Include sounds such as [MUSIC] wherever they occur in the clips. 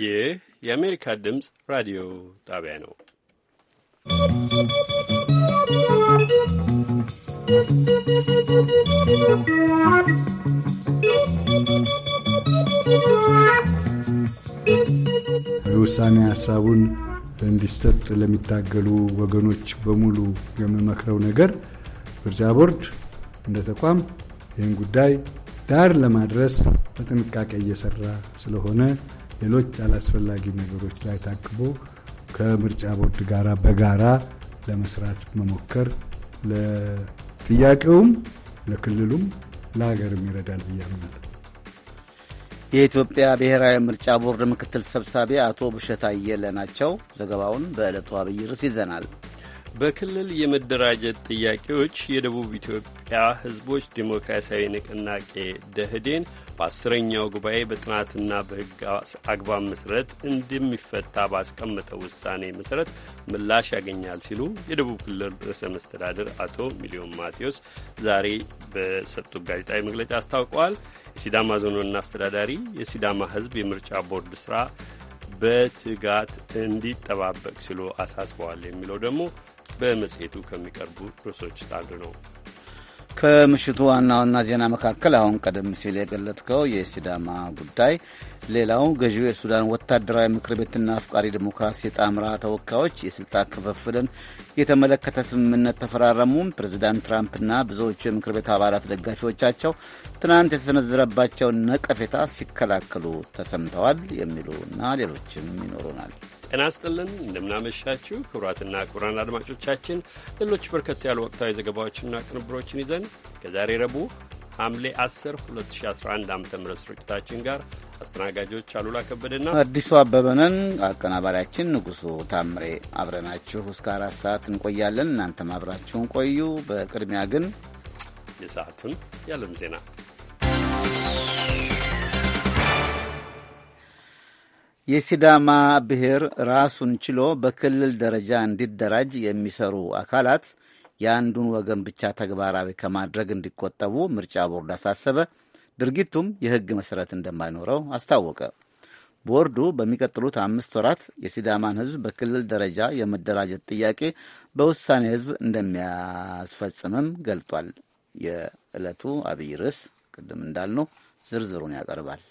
ይህ የአሜሪካ ድምፅ ራዲዮ ጣቢያ ነው። ውሳኔ ሀሳቡን እንዲሰጥ ለሚታገሉ ወገኖች በሙሉ የምመክረው ነገር ብርጃ ቦርድ እንደ ተቋም ይህን ጉዳይ ዳር ለማድረስ በጥንቃቄ እየሰራ ስለሆነ ሌሎች አላስፈላጊ ነገሮች ላይ ታቅቦ ከምርጫ ቦርድ ጋራ በጋራ ለመስራት መሞከር ለጥያቄውም ለክልሉም ለሀገርም ይረዳል ብዬ አምናለሁ። የኢትዮጵያ ብሔራዊ ምርጫ ቦርድ ምክትል ሰብሳቢ አቶ ብሸት አየለ ናቸው። ዘገባውን በዕለቱ አብይ ርዕስ ይዘናል። በክልል የመደራጀት ጥያቄዎች የደቡብ ኢትዮጵያ ሕዝቦች ዴሞክራሲያዊ ንቅናቄ ደህዴን በአስረኛው ጉባኤ በጥናትና በሕግ አግባብ መሠረት እንደሚፈታ ባስቀመጠው ውሳኔ መሰረት ምላሽ ያገኛል ሲሉ የደቡብ ክልል ርዕሰ መስተዳድር አቶ ሚሊዮን ማቴዎስ ዛሬ በሰጡት ጋዜጣዊ መግለጫ አስታውቀዋል። የሲዳማ ዞኖና አስተዳዳሪ የሲዳማ ሕዝብ የምርጫ ቦርድ ስራ በትጋት እንዲጠባበቅ ሲሉ አሳስበዋል። የሚለው ደግሞ በመጽሔቱ ከሚቀርቡ ርዕሶች አንዱ ነው። ከምሽቱ ዋና ዋና ዜና መካከል አሁን ቀደም ሲል የገለጥከው የሲዳማ ጉዳይ ሌላው ገዢው የሱዳን ወታደራዊ ምክር ቤትና አፍቃሪ ዲሞክራሲ የጣምራ ተወካዮች የስልጣን ክፍፍልን የተመለከተ ስምምነት ተፈራረሙ። ፕሬዚዳንት ትራምፕና ብዙዎቹ የምክር ቤት አባላት ደጋፊዎቻቸው ትናንት የተሰነዘረባቸውን ነቀፌታ ሲከላከሉ ተሰምተዋል። የሚሉ ሌሎችም ይኖሩናል። ጤና ይስጥልን እንደምናመሻችሁ ክቡራትና ክቡራን አድማጮቻችን ሌሎች በርከት ያሉ ወቅታዊ ዘገባዎችና ቅንብሮችን ይዘን ከዛሬ ረቡዕ ሐምሌ 10 2011 ዓ ም ስርጭታችን ጋር አስተናጋጆች አሉላ ከበደና አዲሱ አበበነን አቀናባሪያችን ንጉሱ ታምሬ አብረናችሁ እስከ አራት ሰዓት እንቆያለን። እናንተም አብራችሁን ቆዩ። በቅድሚያ ግን የሰዓቱን ያለም ዜና የሲዳማ ብሔር ራሱን ችሎ በክልል ደረጃ እንዲደራጅ የሚሰሩ አካላት የአንዱን ወገን ብቻ ተግባራዊ ከማድረግ እንዲቆጠቡ ምርጫ ቦርድ አሳሰበ። ድርጊቱም የህግ መሠረት እንደማይኖረው አስታወቀ። ቦርዱ በሚቀጥሉት አምስት ወራት የሲዳማን ህዝብ በክልል ደረጃ የመደራጀት ጥያቄ በውሳኔ ህዝብ እንደሚያስፈጽምም ገልጧል። የዕለቱ አብይ ርዕስ ቅድም እንዳልነው ዝርዝሩን ያቀርባል።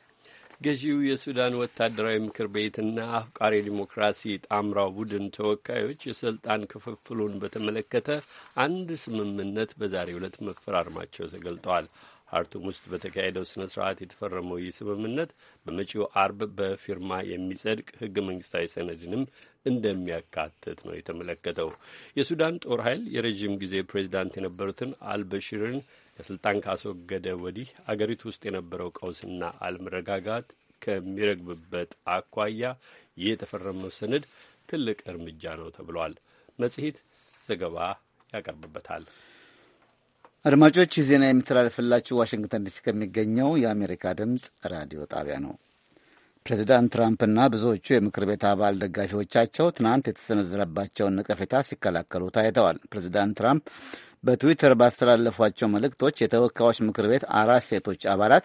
ገዢው የሱዳን ወታደራዊ ምክር ቤትና አፍቃሪ ዲሞክራሲ ጣምራው ቡድን ተወካዮች የስልጣን ክፍፍሉን በተመለከተ አንድ ስምምነት በዛሬው ዕለት መፈራረማቸው ተገልጠዋል። ካርቱም ውስጥ በተካሄደው ስነ ስርዓት የተፈረመው ይህ ስምምነት በመጪው አርብ በፊርማ የሚጸድቅ ህገ መንግስታዊ ሰነድንም እንደሚያካትት ነው የተመለከተው። የሱዳን ጦር ኃይል የረዥም ጊዜ ፕሬዚዳንት የነበሩትን አልበሺርን ከስልጣን ካስወገደ ወዲህ አገሪቱ ውስጥ የነበረው ቀውስና አለመረጋጋት ከሚረግብበት አኳያ ይህ የተፈረመው ሰነድ ትልቅ እርምጃ ነው ተብሏል። መጽሔት ዘገባ ያቀርብበታል። አድማጮች ይህ ዜና የሚተላለፍላችሁ ዋሽንግተን ዲሲ ከሚገኘው የአሜሪካ ድምፅ ራዲዮ ጣቢያ ነው። ፕሬዚዳንት ትራምፕና ብዙዎቹ የምክር ቤት አባል ደጋፊዎቻቸው ትናንት የተሰነዘረባቸውን ነቀፌታ ሲከላከሉ ታይተዋል። ፕሬዚዳንት ትራምፕ በትዊተር ባስተላለፏቸው መልእክቶች የተወካዮች ምክር ቤት አራት ሴቶች አባላት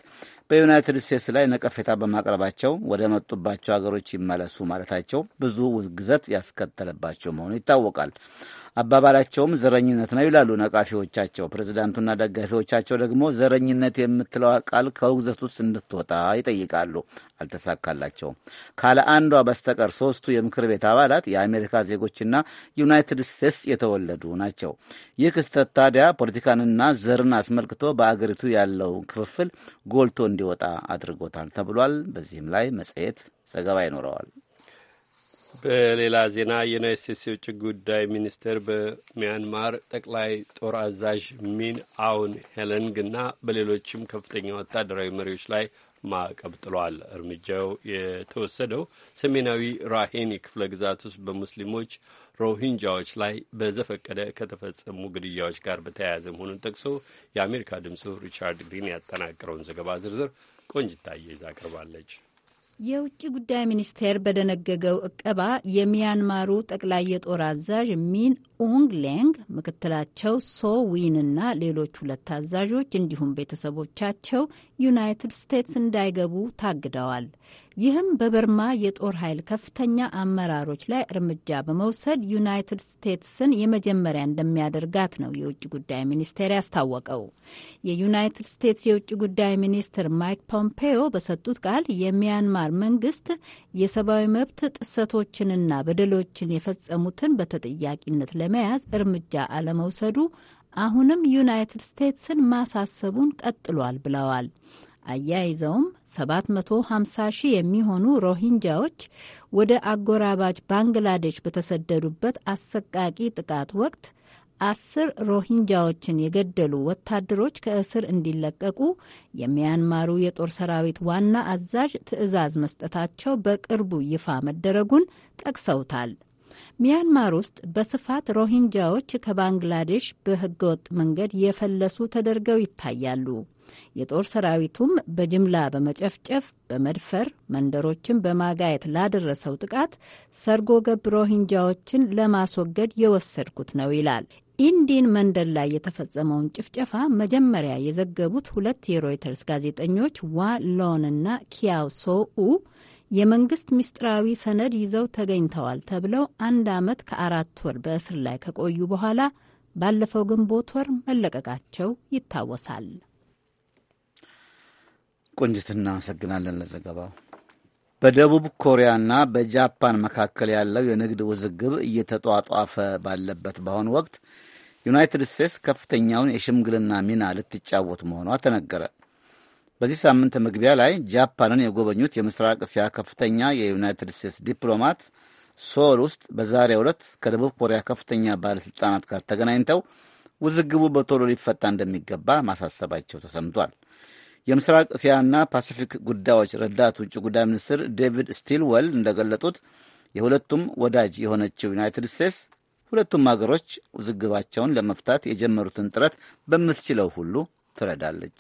በዩናይትድ ስቴትስ ላይ ነቀፌታ በማቅረባቸው ወደ መጡባቸው ሀገሮች ይመለሱ ማለታቸው ብዙ ውግዘት ያስከተለባቸው መሆኑ ይታወቃል። አባባላቸውም ዘረኝነት ነው ይላሉ ነቃፊዎቻቸው። ፕሬዚዳንቱና ደጋፊዎቻቸው ደግሞ ዘረኝነት የምትለው ቃል ከውግዘት ውስጥ እንድትወጣ ይጠይቃሉ። አልተሳካላቸውም። ካለ አንዷ በስተቀር ሶስቱ የምክር ቤት አባላት የአሜሪካ ዜጎችና ዩናይትድ ስቴትስ የተወለዱ ናቸው። ይህ ክስተት ታዲያ ፖለቲካንና ዘርን አስመልክቶ በአገሪቱ ያለውን ክፍፍል ጎልቶ እንዲወጣ አድርጎታል ተብሏል። በዚህም ላይ መጽሔት ዘገባ ይኖረዋል። በሌላ ዜና የዩናይት ስቴትስ የውጭ ጉዳይ ሚኒስቴር በሚያንማር ጠቅላይ ጦር አዛዥ ሚን አውን ሄለንግ እና በሌሎችም ከፍተኛ ወታደራዊ መሪዎች ላይ ማዕቀብ ጥሏል። እርምጃው የተወሰደው ሰሜናዊ ራሄን የክፍለ ግዛት ውስጥ በሙስሊሞች ሮሂንጃዎች ላይ በዘፈቀደ ከተፈጸሙ ግድያዎች ጋር በተያያዘ መሆኑን ጠቅሶ የአሜሪካ ድምፁ ሪቻርድ ግሪን ያጠናቀረውን ዘገባ ዝርዝር ቆንጅታየ ይዛ ቀርባለች። የውጭ ጉዳይ ሚኒስቴር በደነገገው እቀባ የሚያንማሩ ጠቅላይ የጦር አዛዥ ሚን ኡንግ ሌንግ ምክትላቸው ሶ ዊን እና ሌሎች ሁለት አዛዦች እንዲሁም ቤተሰቦቻቸው ዩናይትድ ስቴትስ እንዳይገቡ ታግደዋል። ይህም በበርማ የጦር ኃይል ከፍተኛ አመራሮች ላይ እርምጃ በመውሰድ ዩናይትድ ስቴትስን የመጀመሪያ እንደሚያደርጋት ነው የውጭ ጉዳይ ሚኒስቴር ያስታወቀው። የዩናይትድ ስቴትስ የውጭ ጉዳይ ሚኒስትር ማይክ ፖምፔዮ በሰጡት ቃል የሚያንማር መንግስት የሰብአዊ መብት ጥሰቶችንና በደሎችን የፈጸሙትን በተጠያቂነት ለመያዝ እርምጃ አለመውሰዱ አሁንም ዩናይትድ ስቴትስን ማሳሰቡን ቀጥሏል ብለዋል። አያይዘውም 750 ሺህ የሚሆኑ ሮሂንጃዎች ወደ አጎራባች ባንግላዴሽ በተሰደዱበት አሰቃቂ ጥቃት ወቅት አስር ሮሂንጃዎችን የገደሉ ወታደሮች ከእስር እንዲለቀቁ የሚያንማሩ የጦር ሰራዊት ዋና አዛዥ ትዕዛዝ መስጠታቸው በቅርቡ ይፋ መደረጉን ጠቅሰውታል። ሚያንማር ውስጥ በስፋት ሮሂንጃዎች ከባንግላዴሽ በህገወጥ መንገድ የፈለሱ ተደርገው ይታያሉ። የጦር ሰራዊቱም በጅምላ በመጨፍጨፍ በመድፈር መንደሮችን በማጋየት ላደረሰው ጥቃት ሰርጎ ገብ ሮሂንጃዎችን ለማስወገድ የወሰድኩት ነው ይላል። ኢንዲን መንደር ላይ የተፈጸመውን ጭፍጨፋ መጀመሪያ የዘገቡት ሁለት የሮይተርስ ጋዜጠኞች ዋ ሎን እና ኪያው የመንግስት ምስጢራዊ ሰነድ ይዘው ተገኝተዋል ተብለው አንድ ዓመት ከአራት ወር በእስር ላይ ከቆዩ በኋላ ባለፈው ግንቦት ወር መለቀቃቸው ይታወሳል። ቆንጅት፣ እናመሰግናለን ለዘገባው። በደቡብ ኮሪያና በጃፓን መካከል ያለው የንግድ ውዝግብ እየተጧጧፈ ባለበት በአሁኑ ወቅት ዩናይትድ ስቴትስ ከፍተኛውን የሽምግልና ሚና ልትጫወት መሆኗ ተነገረ። በዚህ ሳምንት መግቢያ ላይ ጃፓንን የጎበኙት የምስራቅ እስያ ከፍተኛ የዩናይትድ ስቴትስ ዲፕሎማት ሶል ውስጥ በዛሬው ዕለት ከደቡብ ኮሪያ ከፍተኛ ባለሥልጣናት ጋር ተገናኝተው ውዝግቡ በቶሎ ሊፈታ እንደሚገባ ማሳሰባቸው ተሰምቷል። የምስራቅ እስያና ፓሲፊክ ጉዳዮች ረዳት ውጭ ጉዳይ ሚኒስትር ዴቪድ ስቲልወል እንደገለጡት የሁለቱም ወዳጅ የሆነችው ዩናይትድ ስቴትስ ሁለቱም አገሮች ውዝግባቸውን ለመፍታት የጀመሩትን ጥረት በምትችለው ሁሉ ትረዳለች።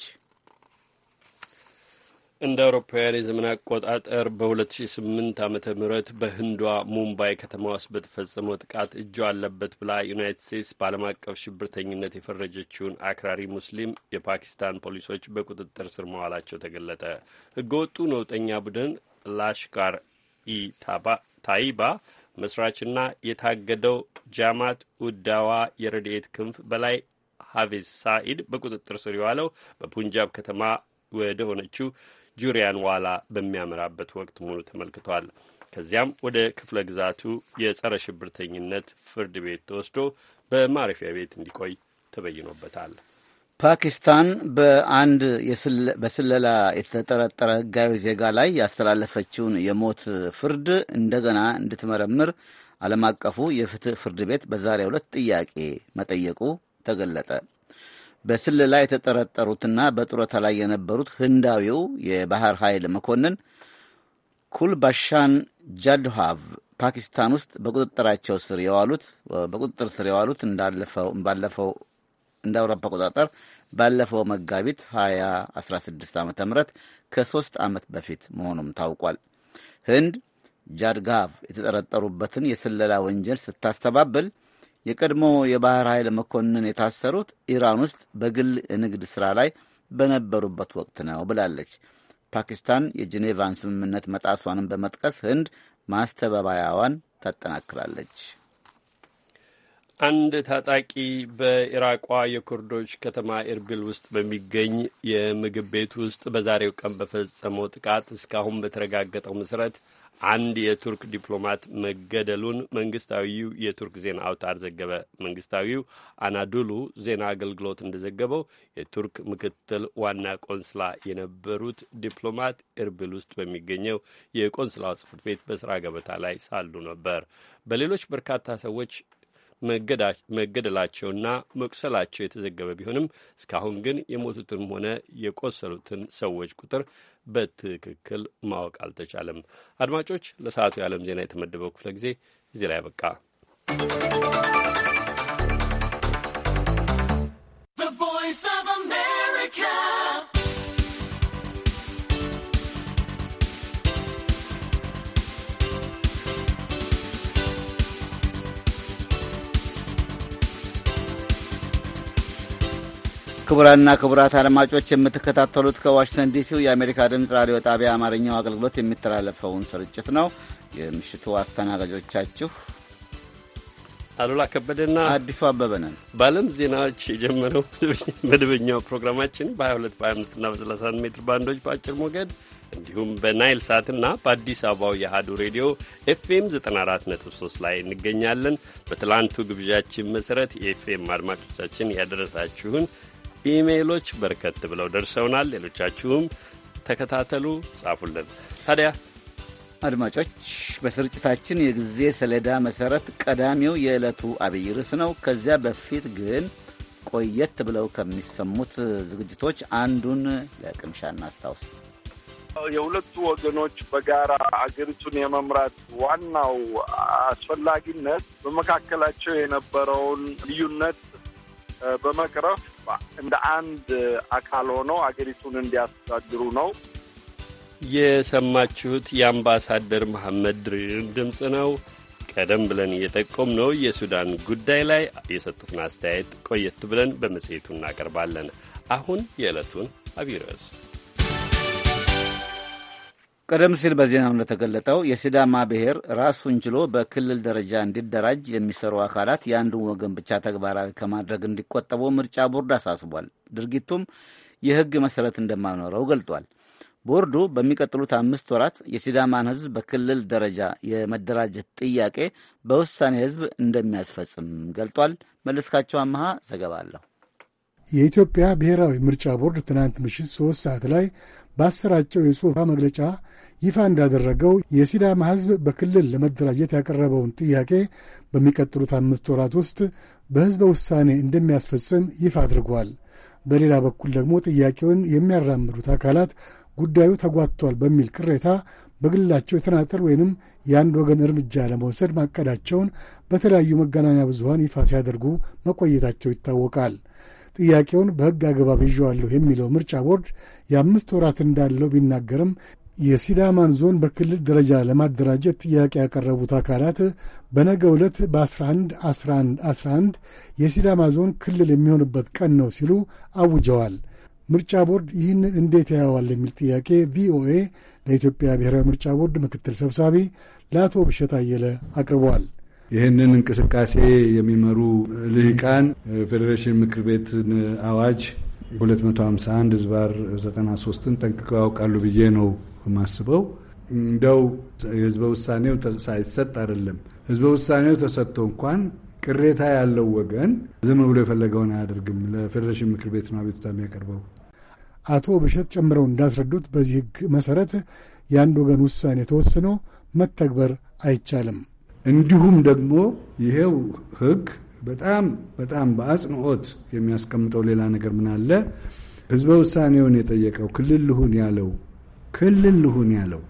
እንደ አውሮፓውያን የዘመን አቆጣጠር በ2008 ዓ ም በህንዷ ሙምባይ ከተማ ውስጥ በተፈጸመው ጥቃት እጇ አለበት ብላ ዩናይትድ ስቴትስ በዓለም አቀፍ ሽብርተኝነት የፈረጀችውን አክራሪ ሙስሊም የፓኪስታን ፖሊሶች በቁጥጥር ስር መዋላቸው ተገለጠ። ህገወጡ ነውጠኛ ቡድን ላሽካር ኢ ታይባ መስራችና የታገደው ጃማት ኡዳዋ የረድኤት ክንፍ በላይ ሀፌዝ ሳኢድ በቁጥጥር ስር የዋለው በፑንጃብ ከተማ ወደ ሆነችው ጁሪያን ዋላ በሚያመራበት ወቅት መሆኑ ተመልክቷል። ከዚያም ወደ ክፍለ ግዛቱ የጸረ ሽብርተኝነት ፍርድ ቤት ተወስዶ በማረፊያ ቤት እንዲቆይ ተበይኖበታል። ፓኪስታን በአንድ በስለላ የተጠረጠረ ሕጋዊ ዜጋ ላይ ያስተላለፈችውን የሞት ፍርድ እንደገና እንድትመረምር ዓለም አቀፉ የፍትህ ፍርድ ቤት በዛሬው ዕለት ጥያቄ መጠየቁ ተገለጠ። በስለላ የተጠረጠሩትና በጡረታ ላይ የነበሩት ህንዳዊው የባህር ኃይል መኮንን ኩልባሻን ጃድሃቭ ፓኪስታን ውስጥ በቁጥጥራቸው ስር የዋሉት በቁጥጥር ስር የዋሉት ባለፈው እንደ አውሮፓ አቆጣጠር ባለፈው መጋቢት 2016 ዓ ም ከሶስት ዓመት በፊት መሆኑም ታውቋል። ህንድ ጃድጋቭ የተጠረጠሩበትን የስለላ ወንጀል ስታስተባብል የቀድሞ የባህር ኃይል መኮንን የታሰሩት ኢራን ውስጥ በግል የንግድ ሥራ ላይ በነበሩበት ወቅት ነው ብላለች። ፓኪስታን የጄኔቫን ስምምነት መጣሷንም በመጥቀስ ህንድ ማስተባበያዋን ታጠናክራለች። አንድ ታጣቂ በኢራቋ የኩርዶች ከተማ ኤርቢል ውስጥ በሚገኝ የምግብ ቤት ውስጥ በዛሬው ቀን በፈጸመው ጥቃት እስካሁን በተረጋገጠው መሠረት አንድ የቱርክ ዲፕሎማት መገደሉን መንግስታዊው የቱርክ ዜና አውታር ዘገበ። መንግስታዊው አናዶሉ ዜና አገልግሎት እንደዘገበው የቱርክ ምክትል ዋና ቆንስላ የነበሩት ዲፕሎማት እርብል ውስጥ በሚገኘው የቆንስላው ጽሕፈት ቤት በስራ ገበታ ላይ ሳሉ ነበር። በሌሎች በርካታ ሰዎች መገደላቸውና መቁሰላቸው የተዘገበ ቢሆንም እስካሁን ግን የሞቱትንም ሆነ የቆሰሉትን ሰዎች ቁጥር በትክክል ማወቅ አልተቻለም። አድማጮች፣ ለሰዓቱ የዓለም ዜና የተመደበው ክፍለ ጊዜ እዚህ ላይ አበቃ። ክቡራና ክቡራት አድማጮች የምትከታተሉት ከዋሽንግተን ዲሲው የአሜሪካ ድምፅ ራዲዮ ጣቢያ አማርኛው አገልግሎት የሚተላለፈውን ስርጭት ነው። የምሽቱ አስተናጋጆቻችሁ አሉላ ከበደና አዲሱ አበበ ነን። በዓለም ዜናዎች የጀመረው መደበኛው ፕሮግራማችን በ22 በ25ና በ31 ሜትር ባንዶች በአጭር ሞገድ እንዲሁም በናይል ሳትና በአዲስ አበባው የአህዱ ሬዲዮ ኤፍኤም 94.3 ላይ እንገኛለን። በትላንቱ ግብዣችን መሠረት የኤፍኤም አድማጮቻችን ያደረሳችሁን ኢሜይሎች በርከት ብለው ደርሰውናል። ሌሎቻችሁም ተከታተሉ፣ ጻፉልን። ታዲያ አድማጮች፣ በስርጭታችን የጊዜ ሰሌዳ መሰረት ቀዳሚው የዕለቱ አብይ ርዕስ ነው። ከዚያ በፊት ግን ቆየት ብለው ከሚሰሙት ዝግጅቶች አንዱን ለቅምሻ እናስታውስ። የሁለቱ ወገኖች በጋራ አገሪቱን የመምራት ዋናው አስፈላጊነት በመካከላቸው የነበረውን ልዩነት በመቅረፍ እንደ አንድ አካል ሆኖ አገሪቱን እንዲያስተዳድሩ ነው። የሰማችሁት የአምባሳደር መሐመድ ድሪርን ድምፅ ነው። ቀደም ብለን እየጠቆም ነው የሱዳን ጉዳይ ላይ የሰጡትን አስተያየት ቆየት ብለን በመጽሔቱ እናቀርባለን። አሁን የዕለቱን አብይ ርዕስ ቀደም ሲል በዜናው እንደተገለጠው የሲዳማ ብሔር ራሱን ችሎ በክልል ደረጃ እንዲደራጅ የሚሰሩ አካላት የአንዱን ወገን ብቻ ተግባራዊ ከማድረግ እንዲቆጠቡ ምርጫ ቦርድ አሳስቧል። ድርጊቱም የሕግ መሰረት እንደማይኖረው ገልጧል። ቦርዱ በሚቀጥሉት አምስት ወራት የሲዳማን ሕዝብ በክልል ደረጃ የመደራጀት ጥያቄ በውሳኔ ሕዝብ እንደሚያስፈጽም ገልጧል። መለስካቸው አመሃ ዘገባ አለሁ። የኢትዮጵያ ብሔራዊ ምርጫ ቦርድ ትናንት ምሽት ሶስት ሰዓት ላይ ባሰራጨው የጽሑፍ መግለጫ ይፋ እንዳደረገው የሲዳማ ሕዝብ በክልል ለመደራጀት ያቀረበውን ጥያቄ በሚቀጥሉት አምስት ወራት ውስጥ በሕዝበ ውሳኔ እንደሚያስፈጽም ይፋ አድርጓል። በሌላ በኩል ደግሞ ጥያቄውን የሚያራምዱት አካላት ጉዳዩ ተጓትቷል በሚል ቅሬታ በግላቸው የተናጠል ወይንም የአንድ ወገን እርምጃ ለመውሰድ ማቀዳቸውን በተለያዩ መገናኛ ብዙሀን ይፋ ሲያደርጉ መቆየታቸው ይታወቃል። ጥያቄውን በሕግ አግባብ ይዤዋለሁ የሚለው ምርጫ ቦርድ የአምስት ወራት እንዳለው ቢናገርም የሲዳማን ዞን በክልል ደረጃ ለማደራጀት ጥያቄ ያቀረቡት አካላት በነገ ዕለት በ11 11 11 የሲዳማ ዞን ክልል የሚሆንበት ቀን ነው ሲሉ አውጀዋል። ምርጫ ቦርድ ይህን እንዴት ያየዋል የሚል ጥያቄ ቪኦኤ ለኢትዮጵያ ብሔራዊ ምርጫ ቦርድ ምክትል ሰብሳቢ ለአቶ ብሸት አየለ አቅርበዋል። ይህንን እንቅስቃሴ የሚመሩ ልሂቃን ፌዴሬሽን ምክር ቤትን አዋጅ 251 ዝባር 93ን ጠንቅቀው ያውቃሉ ብዬ ነው የማስበው እንደው የህዝበ ውሳኔው ሳይሰጥ አይደለም። ህዝበ ውሳኔው ተሰጥቶ እንኳን ቅሬታ ያለው ወገን ዝም ብሎ የፈለገውን አያደርግም። ለፌዴሬሽን ምክር ቤት ነው አቤቱታ የሚያቀርበው። አቶ ብሸት ጨምረው እንዳስረዱት በዚህ ህግ መሰረት የአንድ ወገን ውሳኔ ተወስኖ መተግበር አይቻልም። እንዲሁም ደግሞ ይሄው ህግ በጣም በጣም በአጽንኦት የሚያስቀምጠው ሌላ ነገር ምን አለ? ህዝበ ውሳኔውን የጠየቀው ክልል ልሁን ያለው ክልል ልሁን ያለው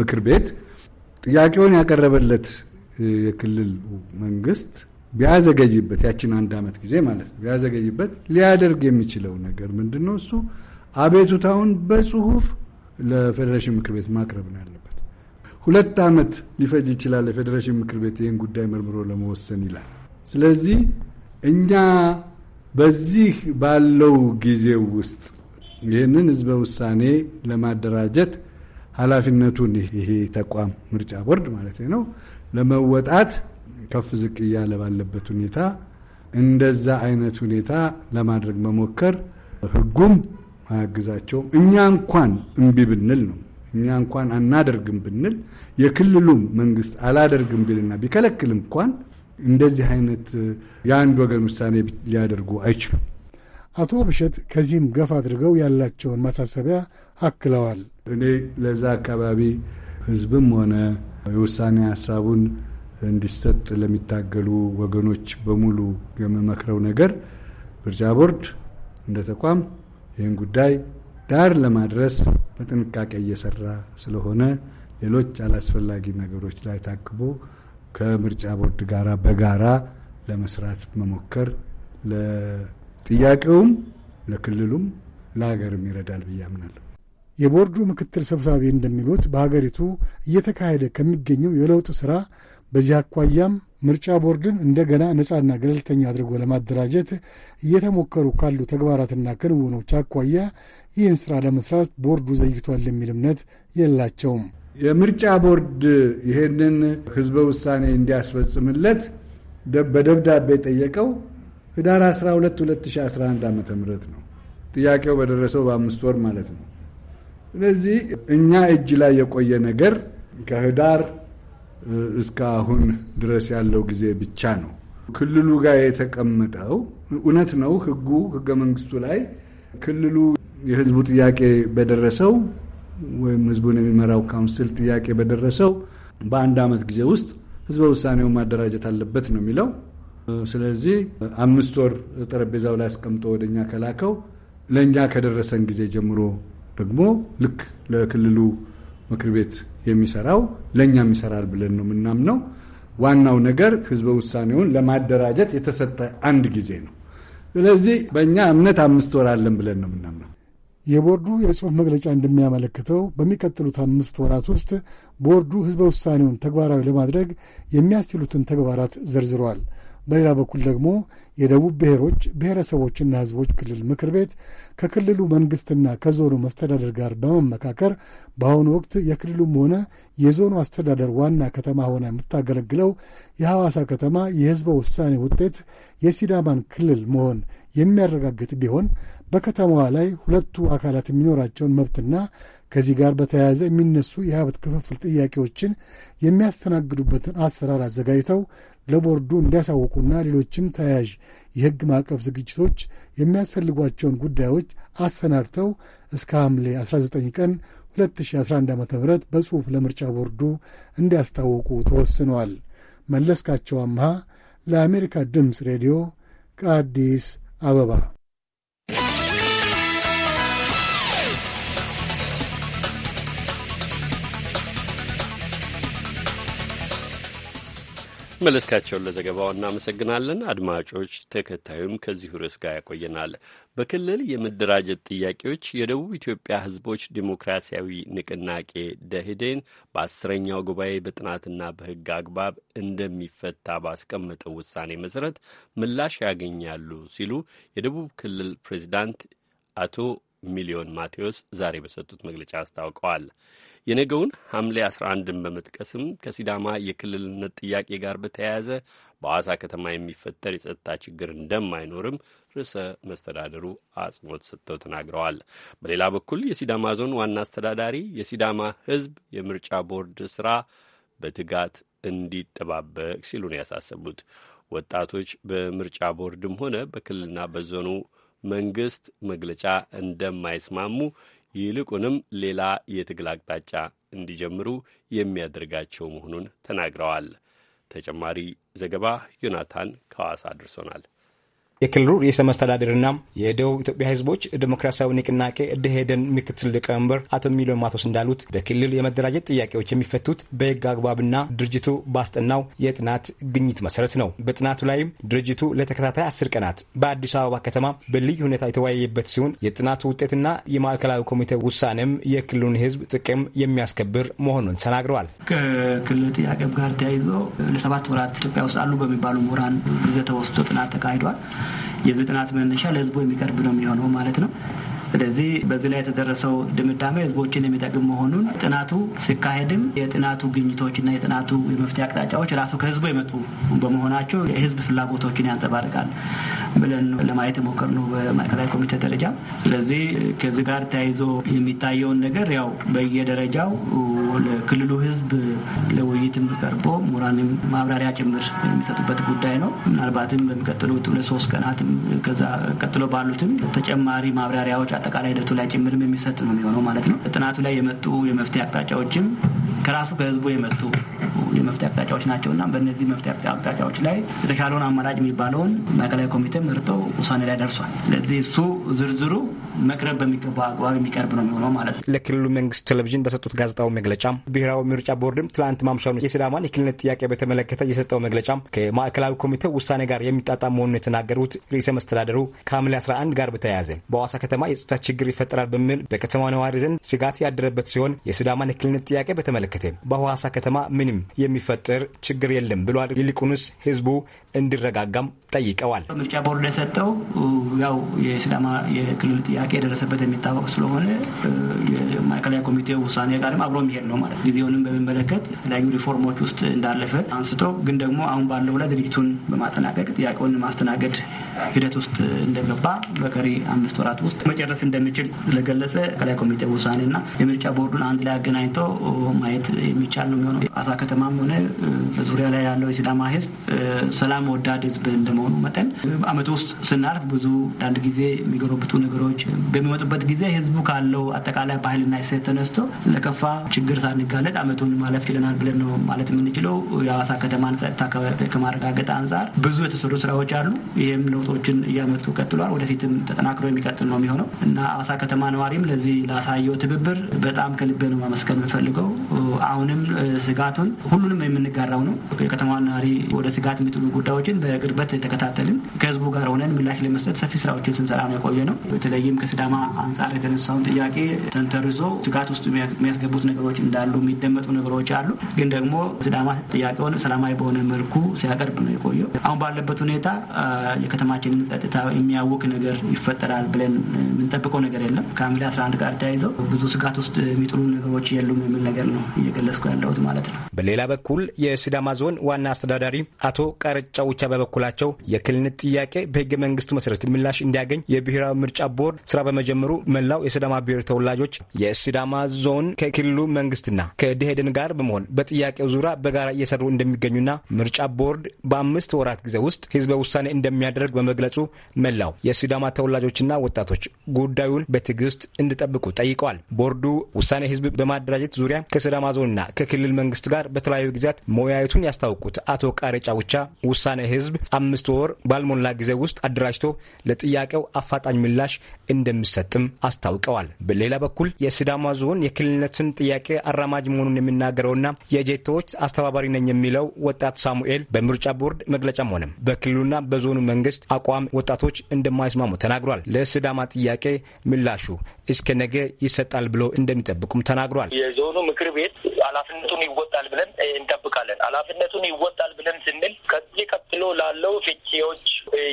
ምክር ቤት ጥያቄውን ያቀረበለት የክልል መንግስት ቢያዘገይበት ያችን አንድ ዓመት ጊዜ ማለት ነው። ቢያዘገይበት ሊያደርግ የሚችለው ነገር ምንድን ነው? እሱ አቤቱታውን በጽሁፍ ለፌዴሬሽን ምክር ቤት ማቅረብ ነው ያለበት። ሁለት ዓመት ሊፈጅ ይችላል የፌዴሬሽን ምክር ቤት ይህን ጉዳይ መርምሮ ለመወሰን ይላል። ስለዚህ እኛ በዚህ ባለው ጊዜ ውስጥ ይህንን ህዝበ ውሳኔ ለማደራጀት ኃላፊነቱን ይሄ ተቋም ምርጫ ቦርድ ማለት ነው ለመወጣት ከፍ ዝቅ እያለ ባለበት ሁኔታ እንደዛ አይነት ሁኔታ ለማድረግ መሞከር ህጉም አያግዛቸውም። እኛ እንኳን እምቢ ብንል ነው እኛ እንኳን አናደርግም ብንል የክልሉም መንግስት አላደርግም ቢልና ቢከለክል እንኳን እንደዚህ አይነት የአንድ ወገን ውሳኔ ሊያደርጉ አይችሉም። አቶ ብሸት ከዚህም ገፋ አድርገው ያላቸውን ማሳሰቢያ አክለዋል። እኔ ለዛ አካባቢ ህዝብም ሆነ የውሳኔ ሀሳቡን እንዲሰጥ ለሚታገሉ ወገኖች በሙሉ የምመክረው ነገር ምርጫ ቦርድ እንደ ተቋም ይህን ጉዳይ ዳር ለማድረስ በጥንቃቄ እየሰራ ስለሆነ ሌሎች አላስፈላጊ ነገሮች ላይ ታቅቦ ከምርጫ ቦርድ ጋራ በጋራ ለመስራት መሞከር ጥያቄውም ለክልሉም ለሀገርም ይረዳል ብዬ አምናለሁ። የቦርዱ ምክትል ሰብሳቢ እንደሚሉት በሀገሪቱ እየተካሄደ ከሚገኘው የለውጥ ሥራ በዚህ አኳያም ምርጫ ቦርድን እንደገና ነጻና ገለልተኛ አድርጎ ለማደራጀት እየተሞከሩ ካሉ ተግባራትና ክንውኖች አኳያ ይህን ሥራ ለመስራት ቦርዱ ዘይቷል የሚል እምነት የላቸውም። የምርጫ ቦርድ ይህንን ህዝበ ውሳኔ እንዲያስፈጽምለት በደብዳቤ ጠየቀው። ህዳር 12 2011 ዓ ም ነው ጥያቄው በደረሰው በአምስት ወር ማለት ነው። ስለዚህ እኛ እጅ ላይ የቆየ ነገር ከህዳር እስከ አሁን ድረስ ያለው ጊዜ ብቻ ነው። ክልሉ ጋር የተቀመጠው እውነት ነው። ህጉ ህገ መንግስቱ ላይ ክልሉ የህዝቡ ጥያቄ በደረሰው ወይም ህዝቡን የሚመራው ካውንስል ጥያቄ በደረሰው በአንድ ዓመት ጊዜ ውስጥ ህዝበ ውሳኔውን ማደራጀት አለበት ነው የሚለው። ስለዚህ አምስት ወር ጠረጴዛው ላይ አስቀምጦ ወደኛ ከላከው ለእኛ ከደረሰን ጊዜ ጀምሮ ደግሞ ልክ ለክልሉ ምክር ቤት የሚሰራው ለእኛ የሚሰራል ብለን ነው የምናምነው። ዋናው ነገር ህዝበ ውሳኔውን ለማደራጀት የተሰጠ አንድ ጊዜ ነው። ስለዚህ በእኛ እምነት አምስት ወር አለን ብለን ነው የምናምነው። የቦርዱ የጽሑፍ መግለጫ እንደሚያመለክተው በሚቀጥሉት አምስት ወራት ውስጥ ቦርዱ ህዝበ ውሳኔውን ተግባራዊ ለማድረግ የሚያስችሉትን ተግባራት ዘርዝረዋል። በሌላ በኩል ደግሞ የደቡብ ብሔሮች ብሔረሰቦችና ሕዝቦች ክልል ምክር ቤት ከክልሉ መንግሥትና ከዞኑ መስተዳደር ጋር በመመካከር በአሁኑ ወቅት የክልሉም ሆነ የዞኑ አስተዳደር ዋና ከተማ ሆና የምታገለግለው የሐዋሳ ከተማ የሕዝበ ውሳኔ ውጤት የሲዳማን ክልል መሆን የሚያረጋግጥ ቢሆን በከተማዋ ላይ ሁለቱ አካላት የሚኖራቸውን መብትና ከዚህ ጋር በተያያዘ የሚነሱ የሀብት ክፍፍል ጥያቄዎችን የሚያስተናግዱበትን አሰራር አዘጋጅተው ለቦርዱ እንዲያሳውቁና ሌሎችም ተያያዥ የሕግ ማዕቀፍ ዝግጅቶች የሚያስፈልጓቸውን ጉዳዮች አሰናድተው እስከ ሐምሌ 19 ቀን 2011 ዓ ም በጽሑፍ ለምርጫ ቦርዱ እንዲያስታውቁ ተወስኗል። መለስካቸው አምሃ ለአሜሪካ ድምፅ ሬዲዮ ከአዲስ አበባ መለስካቸውን ለዘገባው እናመሰግናለን። አድማጮች፣ ተከታዩም ከዚሁ ርዕስ ጋር ያቆየናል። በክልል የመደራጀት ጥያቄዎች የደቡብ ኢትዮጵያ ሕዝቦች ዴሞክራሲያዊ ንቅናቄ ደህዴን በአስረኛው ጉባኤ በጥናትና በሕግ አግባብ እንደሚፈታ ባስቀመጠው ውሳኔ መሰረት ምላሽ ያገኛሉ ሲሉ የደቡብ ክልል ፕሬዚዳንት አቶ ሚሊዮን ማቴዎስ ዛሬ በሰጡት መግለጫ አስታውቀዋል። የነገውን ሐምሌ 11ን በመጥቀስም ከሲዳማ የክልልነት ጥያቄ ጋር በተያያዘ በሐዋሳ ከተማ የሚፈጠር የጸጥታ ችግር እንደማይኖርም ርዕሰ መስተዳደሩ አጽንኦት ሰጥተው ተናግረዋል። በሌላ በኩል የሲዳማ ዞን ዋና አስተዳዳሪ የሲዳማ ሕዝብ የምርጫ ቦርድ ስራ በትጋት እንዲጠባበቅ ሲሉ ነው ያሳሰቡት። ወጣቶች በምርጫ ቦርድም ሆነ በክልልና በዞኑ መንግስት መግለጫ እንደማይስማሙ ይልቁንም ሌላ የትግል አቅጣጫ እንዲጀምሩ የሚያደርጋቸው መሆኑን ተናግረዋል። ተጨማሪ ዘገባ ዮናታን ከሐዋሳ አድርሶናል። የክልሉ ርዕሰ መስተዳድርና የደቡብ ኢትዮጵያ ህዝቦች ዴሞክራሲያዊ ንቅናቄ ደኢህዴን ምክትል ሊቀመንበር አቶ ሚሊዮን ማቶስ እንዳሉት በክልል የመደራጀት ጥያቄዎች የሚፈቱት በህግ አግባብና ድርጅቱ ባስጠናው የጥናት ግኝት መሰረት ነው። በጥናቱ ላይም ድርጅቱ ለተከታታይ አስር ቀናት በአዲስ አበባ ከተማ በልዩ ሁኔታ የተወያየበት ሲሆን የጥናቱ ውጤትና የማዕከላዊ ኮሚቴ ውሳኔም የክልሉን ህዝብ ጥቅም የሚያስከብር መሆኑን ተናግረዋል። ከክልል ጥያቄም ጋር ተያይዞ ለሰባት ወራት ኢትዮጵያ ውስጥ አሉ በሚባሉ ምሁራን ጊዜ ተወስዶ ጥናት ተካሂዷል። የዚህ ጥናት መነሻ ለህዝቡ የሚቀርብ ነው የሚሆነው ማለት ነው። ስለዚህ በዚህ ላይ የተደረሰው ድምዳሜ ህዝቦችን የሚጠቅም መሆኑን ጥናቱ ሲካሄድም የጥናቱ ግኝቶችና የጥናቱ የመፍትሄ አቅጣጫዎች ራሱ ከህዝቡ የመጡ በመሆናቸው የህዝብ ፍላጎቶችን ያንጸባርቃል። ብለን ነው ለማየት የሞከርነው በማዕከላዊ ኮሚቴ ደረጃ። ስለዚህ ከዚህ ጋር ተያይዞ የሚታየውን ነገር ያው በየደረጃው ለክልሉ ህዝብ ለውይይትም ቀርቦ ምሁራንም ማብራሪያ ጭምር የሚሰጡበት ጉዳይ ነው። ምናልባትም በሚቀጥሉት ሁለት ሶስት ቀናትም ከዛ ቀጥሎ ባሉትም ተጨማሪ ማብራሪያዎች አጠቃላይ ሂደቱ ላይ ጭምርም የሚሰጥ ነው የሚሆነው ማለት ነው። ጥናቱ ላይ የመጡ የመፍትሄ አቅጣጫዎችም ከራሱ ከህዝቡ የመጡ የመፍትሄ አቅጣጫዎች ናቸው እና በእነዚህ መፍትሄ አቅጣጫዎች ላይ የተሻለውን አማራጭ የሚባለውን ማዕከላዊ ኮሚቴ መርጠው ውሳኔ ላይ ደርሷል። ስለዚህ እሱ ዝርዝሩ መቅረብ በሚገባ አግባብ የሚቀርብ ነው የሚሆነው ማለት ነው። ለክልሉ መንግስት ቴሌቪዥን በሰጡት ጋዜጣዊ መግለጫ ብሔራዊ ምርጫ ቦርድም ትላንት ማምሻውን የሲዳማን የክልልነት ጥያቄ በተመለከተ የሰጠው መግለጫ ከማዕከላዊ ኮሚቴው ውሳኔ ጋር የሚጣጣም መሆኑን የተናገሩት ርዕሰ መስተዳደሩ ከሐምሌ 11 ጋር በተያያዘ በሐዋሳ ከተማ የጾታ ችግር ይፈጠራል በሚል በከተማ ነዋሪ ዘንድ ስጋት ያደረበት ሲሆን የሲዳማን የክልልነት ጥያቄ በተመለከተ በሐዋሳ ከተማ ምንም የሚፈጠር ችግር የለም ብሏል። ይልቁንስ ህዝቡ እንዲረጋጋም ጠይቀዋል። ምርጫ ቦርድ የሰጠው ያው የሲዳማ የክልል ጥያቄ ጥያቄ የደረሰበት የሚታወቅ ስለሆነ የማዕከላዊ ኮሚቴ ውሳኔ ጋርም አብሮ የሚሄድ ነው ማለት ጊዜውንም በሚመለከት የተለያዩ ሪፎርሞች ውስጥ እንዳለፈ አንስቶ ግን ደግሞ አሁን ባለው ላይ ድርጅቱን በማጠናቀቅ ጥያቄውን ማስተናገድ ሂደት ውስጥ እንደገባ በቀሪ አምስት ወራት ውስጥ መጨረስ እንደሚችል ስለገለጸ ማዕከላዊ ኮሚቴ ውሳኔና የምርጫ ቦርዱን አንድ ላይ አገናኝቶ ማየት የሚቻል ነው የሚሆነው። አሳ ከተማም ሆነ በዙሪያ ላይ ያለው የሲዳማ ህዝብ ሰላም ወዳድ ህዝብ እንደመሆኑ መጠን አመት ውስጥ ስናልፍ ብዙ ለአንድ ጊዜ የሚገረብቱ ነገሮች በሚመጡበት ጊዜ ህዝቡ ካለው አጠቃላይ ባህልና እሴት ተነስቶ ለከፋ ችግር ሳንጋለጥ አመቱን ማለፍ ችለናል ብለን ነው ማለት የምንችለው። የአዋሳ ከተማን ጸጥታ ከማረጋገጥ አንጻር ብዙ የተሰሩ ስራዎች አሉ። ይህም ለውጦችን እያመጡ ቀጥሏል። ወደፊትም ተጠናክሮ የሚቀጥል ነው የሚሆነው እና አዋሳ ከተማ ነዋሪም ለዚህ ላሳየው ትብብር በጣም ከልቤ ነው ማመስገን የምፈልገው። አሁንም ስጋቱን ሁሉንም የምንጋራው ነው። የከተማ ነዋሪ ወደ ስጋት የሚጥሉ ጉዳዮችን በቅርበት የተከታተልን ከህዝቡ ጋር ሆነን ምላሽ ለመስጠት ሰፊ ስራዎችን ስንሰራ ነው የቆየ ነው። በተለይም ከስዳማ አንጻር የተነሳውን ጥያቄ ተንተርዞ ስጋት ውስጥ የሚያስገቡት ነገሮች እንዳሉ የሚደመጡ ነገሮች አሉ። ግን ደግሞ ስዳማ ጥያቄውን ሰላማዊ በሆነ መልኩ ሲያቀርብ ነው የቆየው። አሁን ባለበት ሁኔታ የከተማችንን ጸጥታ የሚያውቅ ነገር ይፈጠራል ብለን የምንጠብቀው ነገር የለም። ከሐምሌ 11 ጋር ተያይዞ ብዙ ስጋት ውስጥ የሚጥሉ ነገሮች የሉም የሚል ነገር ነው እየገለጽኩ ያለሁት ማለት ነው። በሌላ በኩል የስዳማ ዞን ዋና አስተዳዳሪ አቶ ቀረጫ ውቻ በበኩላቸው የክልልነት ጥያቄ በህገ መንግስቱ መሰረት ምላሽ እንዲያገኝ የብሔራዊ ምርጫ ቦርድ ስራ በመጀመሩ መላው የሲዳማ ብሔር ተወላጆች የሲዳማ ዞን ከክልሉ መንግስትና ከድሄድን ጋር በመሆን በጥያቄው ዙሪያ በጋራ እየሰሩ እንደሚገኙና ምርጫ ቦርድ በአምስት ወራት ጊዜ ውስጥ ህዝበ ውሳኔ እንደሚያደርግ በመግለጹ መላው የሲዳማ ተወላጆችና ወጣቶች ጉዳዩን በትዕግስት እንዲጠብቁ ጠይቀዋል። ቦርዱ ውሳኔ ህዝብ በማደራጀት ዙሪያ ከሲዳማ ዞንና ከክልል መንግስት ጋር በተለያዩ ጊዜያት መወያየቱን ያስታውቁት አቶ ቃሬጫ ጫውቻ ውሳኔ ህዝብ አምስት ወር ባልሞላ ጊዜ ውስጥ አደራጅቶ ለጥያቄው አፋጣኝ ምላሽ እንደሚሰጥም አስታውቀዋል። በሌላ በኩል የሲዳማ ዞን የክልልነትን ጥያቄ አራማጅ መሆኑን የሚናገረውና የጄቶዎች አስተባባሪ ነኝ የሚለው ወጣት ሳሙኤል በምርጫ ቦርድ መግለጫም ሆነ በክልሉና በዞኑ መንግስት አቋም ወጣቶች እንደማይስማሙ ተናግሯል። ለሲዳማ ጥያቄ ምላሹ እስከ ነገ ይሰጣል ብሎ እንደሚጠብቁም ተናግሯል። የዞኑ ምክር ቤት ኃላፊነቱን ይወጣል ብለን እንጠብቃለን። ኃላፊነቱን ይወጣል ብለን ስንል ከዚህ ቀጥሎ ላለው ፍቺዎች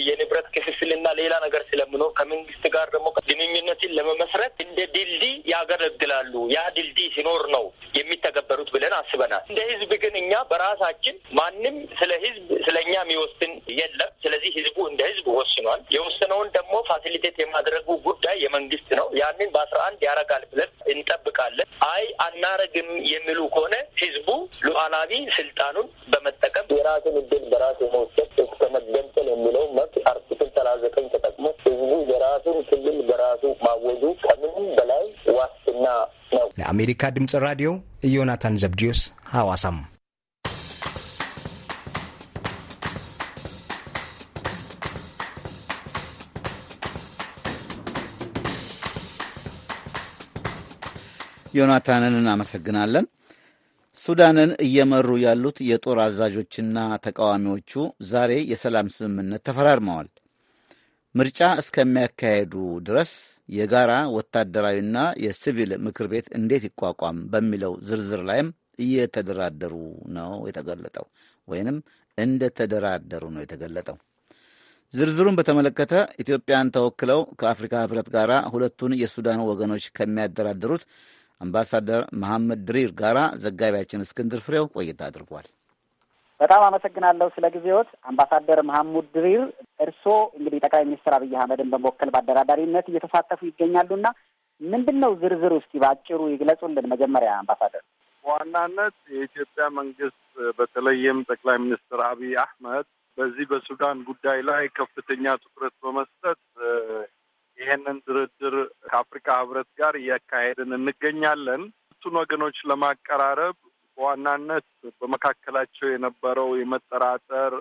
የንብረት ክፍፍልና ሌላ ነገር ስለምኖር ከመንግስት ጋር ደግሞ ግንኙነትን ለመመስረት እንደ ድልድይ ያገለግላሉ። ያ ድልድይ ሲኖር ነው የሚተገበሩት ብለን አስበናል። እንደ ህዝብ ግን እኛ በራሳችን ማንም ስለ ህዝብ ስለ እኛ የሚወስን የለም። ስለዚህ ህዝቡ እንደ ህዝብ ወስኗል። የወሰነውን ደግሞ ፋሲሊቴት የማድረጉ ጉዳይ የመንግስት ነው። ያንን በአስራ አንድ ያረጋል ብለን እንጠብቃለን። አይ አናረግም የሚሉ ከሆነ ህዝቡ ሉዓላዊ ስልጣኑን በመጠቀም የራሱን እድል በራሱ መውሰድ እስከ መገንጠል የሚለው መብት አርቲክል ሰላሳ ዘጠኝ ተጠቅሞ ህዝቡ የራሱን ክልል በራሱ ማወጁ ከምንም በላይ ዋስትና ነው። ለአሜሪካ ድምፅ ራዲዮ ዮናታን ዘብዲዮስ ሐዋሳም ዮናታንን እናመሰግናለን። ሱዳንን እየመሩ ያሉት የጦር አዛዦችና ተቃዋሚዎቹ ዛሬ የሰላም ስምምነት ተፈራርመዋል። ምርጫ እስከሚያካሄዱ ድረስ የጋራ ወታደራዊና የሲቪል ምክር ቤት እንዴት ይቋቋም በሚለው ዝርዝር ላይም እየተደራደሩ ነው የተገለጠው፣ ወይንም እንደተደራደሩ ነው የተገለጠው። ዝርዝሩን በተመለከተ ኢትዮጵያን ተወክለው ከአፍሪካ ህብረት ጋር ሁለቱን የሱዳን ወገኖች ከሚያደራድሩት አምባሳደር መሐመድ ድሪር ጋራ ዘጋቢያችን እስክንድር ፍሬው ቆይታ አድርጓል። በጣም አመሰግናለሁ ስለ ጊዜዎት አምባሳደር መሐሙድ ድሪር። እርስዎ እንግዲህ ጠቅላይ ሚኒስትር አብይ አህመድን በመወከል በአደራዳሪነት እየተሳተፉ ይገኛሉና ምንድን ነው ዝርዝር ውስጥ ባጭሩ ይግለጹልን። መጀመሪያ አምባሳደር፣ በዋናነት የኢትዮጵያ መንግስት በተለይም ጠቅላይ ሚኒስትር አብይ አህመድ በዚህ በሱዳን ጉዳይ ላይ ከፍተኛ ትኩረት በመስጠት ይህንን ድርድር ከአፍሪካ ህብረት ጋር እያካሄድን እንገኛለን። ሁለቱን ወገኖች ለማቀራረብ በዋናነት በመካከላቸው የነበረው የመጠራጠር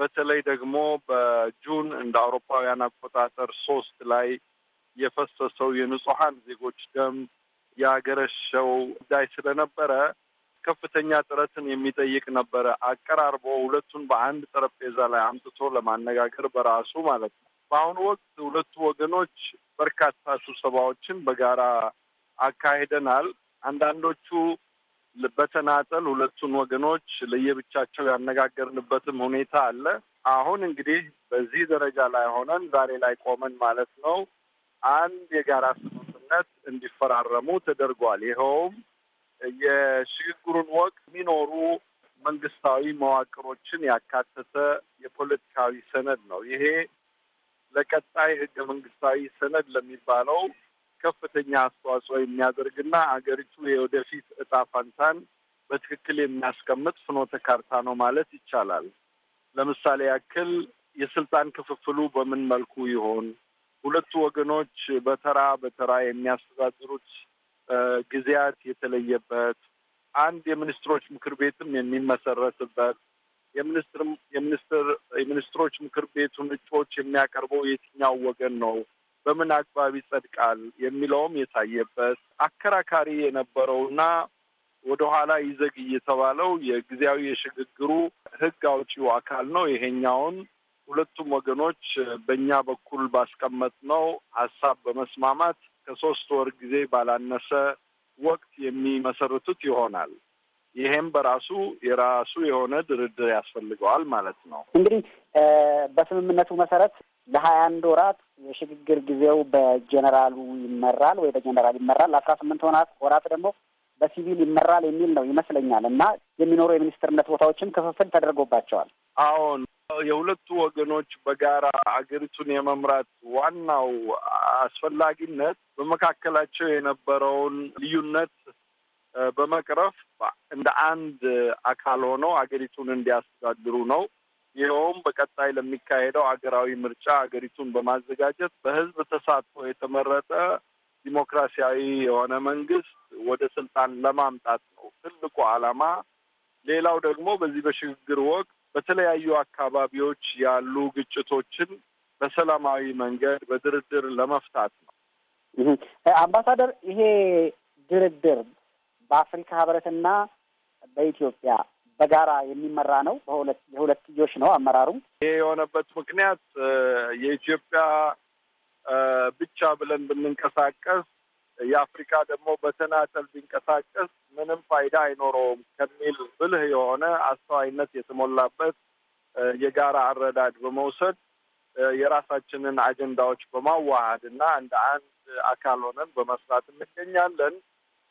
በተለይ ደግሞ በጁን እንደ አውሮፓውያን አቆጣጠር ሶስት ላይ የፈሰሰው የንጹሐን ዜጎች ደም ያገረሸው ጉዳይ ስለነበረ ከፍተኛ ጥረትን የሚጠይቅ ነበረ። አቀራርቦ ሁለቱን በአንድ ጠረጴዛ ላይ አምጥቶ ለማነጋገር በራሱ ማለት ነው። በአሁኑ ወቅት ሁለቱ ወገኖች በርካታ ስብሰባዎችን በጋራ አካሂደናል። አንዳንዶቹ በተናጠል ሁለቱን ወገኖች ለየብቻቸው ያነጋገርንበትም ሁኔታ አለ። አሁን እንግዲህ በዚህ ደረጃ ላይ ሆነን ዛሬ ላይ ቆመን ማለት ነው አንድ የጋራ ስምምነት እንዲፈራረሙ ተደርጓል። ይኸውም የሽግግሩን ወቅት የሚኖሩ መንግስታዊ መዋቅሮችን ያካተተ የፖለቲካዊ ሰነድ ነው። ይሄ ለቀጣይ ህገ መንግስታዊ ሰነድ ለሚባለው ከፍተኛ አስተዋጽኦ የሚያደርግና አገሪቱ የወደፊት እጣ ፈንታን በትክክል የሚያስቀምጥ ፍኖተ ካርታ ነው ማለት ይቻላል። ለምሳሌ ያክል የስልጣን ክፍፍሉ በምን መልኩ ይሆን? ሁለቱ ወገኖች በተራ በተራ የሚያስተዳድሩት ጊዜያት የተለየበት አንድ የሚኒስትሮች ምክር ቤትም የሚመሰረትበት የሚኒስትር የሚኒስትሮች ምክር ቤቱን እጩዎች የሚያቀርበው የትኛው ወገን ነው በምን አግባብ ይጸድቃል የሚለውም የታየበት አከራካሪ የነበረውና ወደኋላ ይዘግ እየተባለው የጊዜያዊ የሽግግሩ ህግ አውጪው አካል ነው። ይሄኛውን ሁለቱም ወገኖች በእኛ በኩል ባስቀመጥ ነው ሀሳብ በመስማማት ከሶስት ወር ጊዜ ባላነሰ ወቅት የሚመሰርቱት ይሆናል። ይሄም በራሱ የራሱ የሆነ ድርድር ያስፈልገዋል ማለት ነው። እንግዲህ በስምምነቱ መሰረት ለሀያ አንድ ወራት የሽግግር ጊዜው በጀኔራሉ ይመራል ወይ በጀኔራል ይመራል። ለአስራ ስምንት ወራት ወራት ደግሞ በሲቪል ይመራል የሚል ነው ይመስለኛል። እና የሚኖሩ የሚኒስትርነት ቦታዎችም ክፍፍል ተደርጎባቸዋል። አዎን፣ የሁለቱ ወገኖች በጋራ አገሪቱን የመምራት ዋናው አስፈላጊነት በመካከላቸው የነበረውን ልዩነት በመቅረፍ እንደ አንድ አካል ሆነው አገሪቱን እንዲያስተዳድሩ ነው። ይኸውም በቀጣይ ለሚካሄደው አገራዊ ምርጫ አገሪቱን በማዘጋጀት በህዝብ ተሳትፎ የተመረጠ ዲሞክራሲያዊ የሆነ መንግስት ወደ ስልጣን ለማምጣት ነው ትልቁ ዓላማ። ሌላው ደግሞ በዚህ በሽግግር ወቅት በተለያዩ አካባቢዎች ያሉ ግጭቶችን በሰላማዊ መንገድ በድርድር ለመፍታት ነው። አምባሳደር፣ ይሄ ድርድር በአፍሪካ ህብረትና በኢትዮጵያ በጋራ የሚመራ ነው። በሁለት የሁለትዮሽ ነው አመራሩም። ይህ የሆነበት ምክንያት የኢትዮጵያ ብቻ ብለን ብንንቀሳቀስ የአፍሪካ ደግሞ በተናጠል ቢንቀሳቀስ ምንም ፋይዳ አይኖረውም ከሚል ብልህ የሆነ አስተዋይነት የተሞላበት የጋራ አረዳድ በመውሰድ የራሳችንን አጀንዳዎች በማዋሃድ እና እንደ አንድ አካል ሆነን በመስራት እንገኛለን።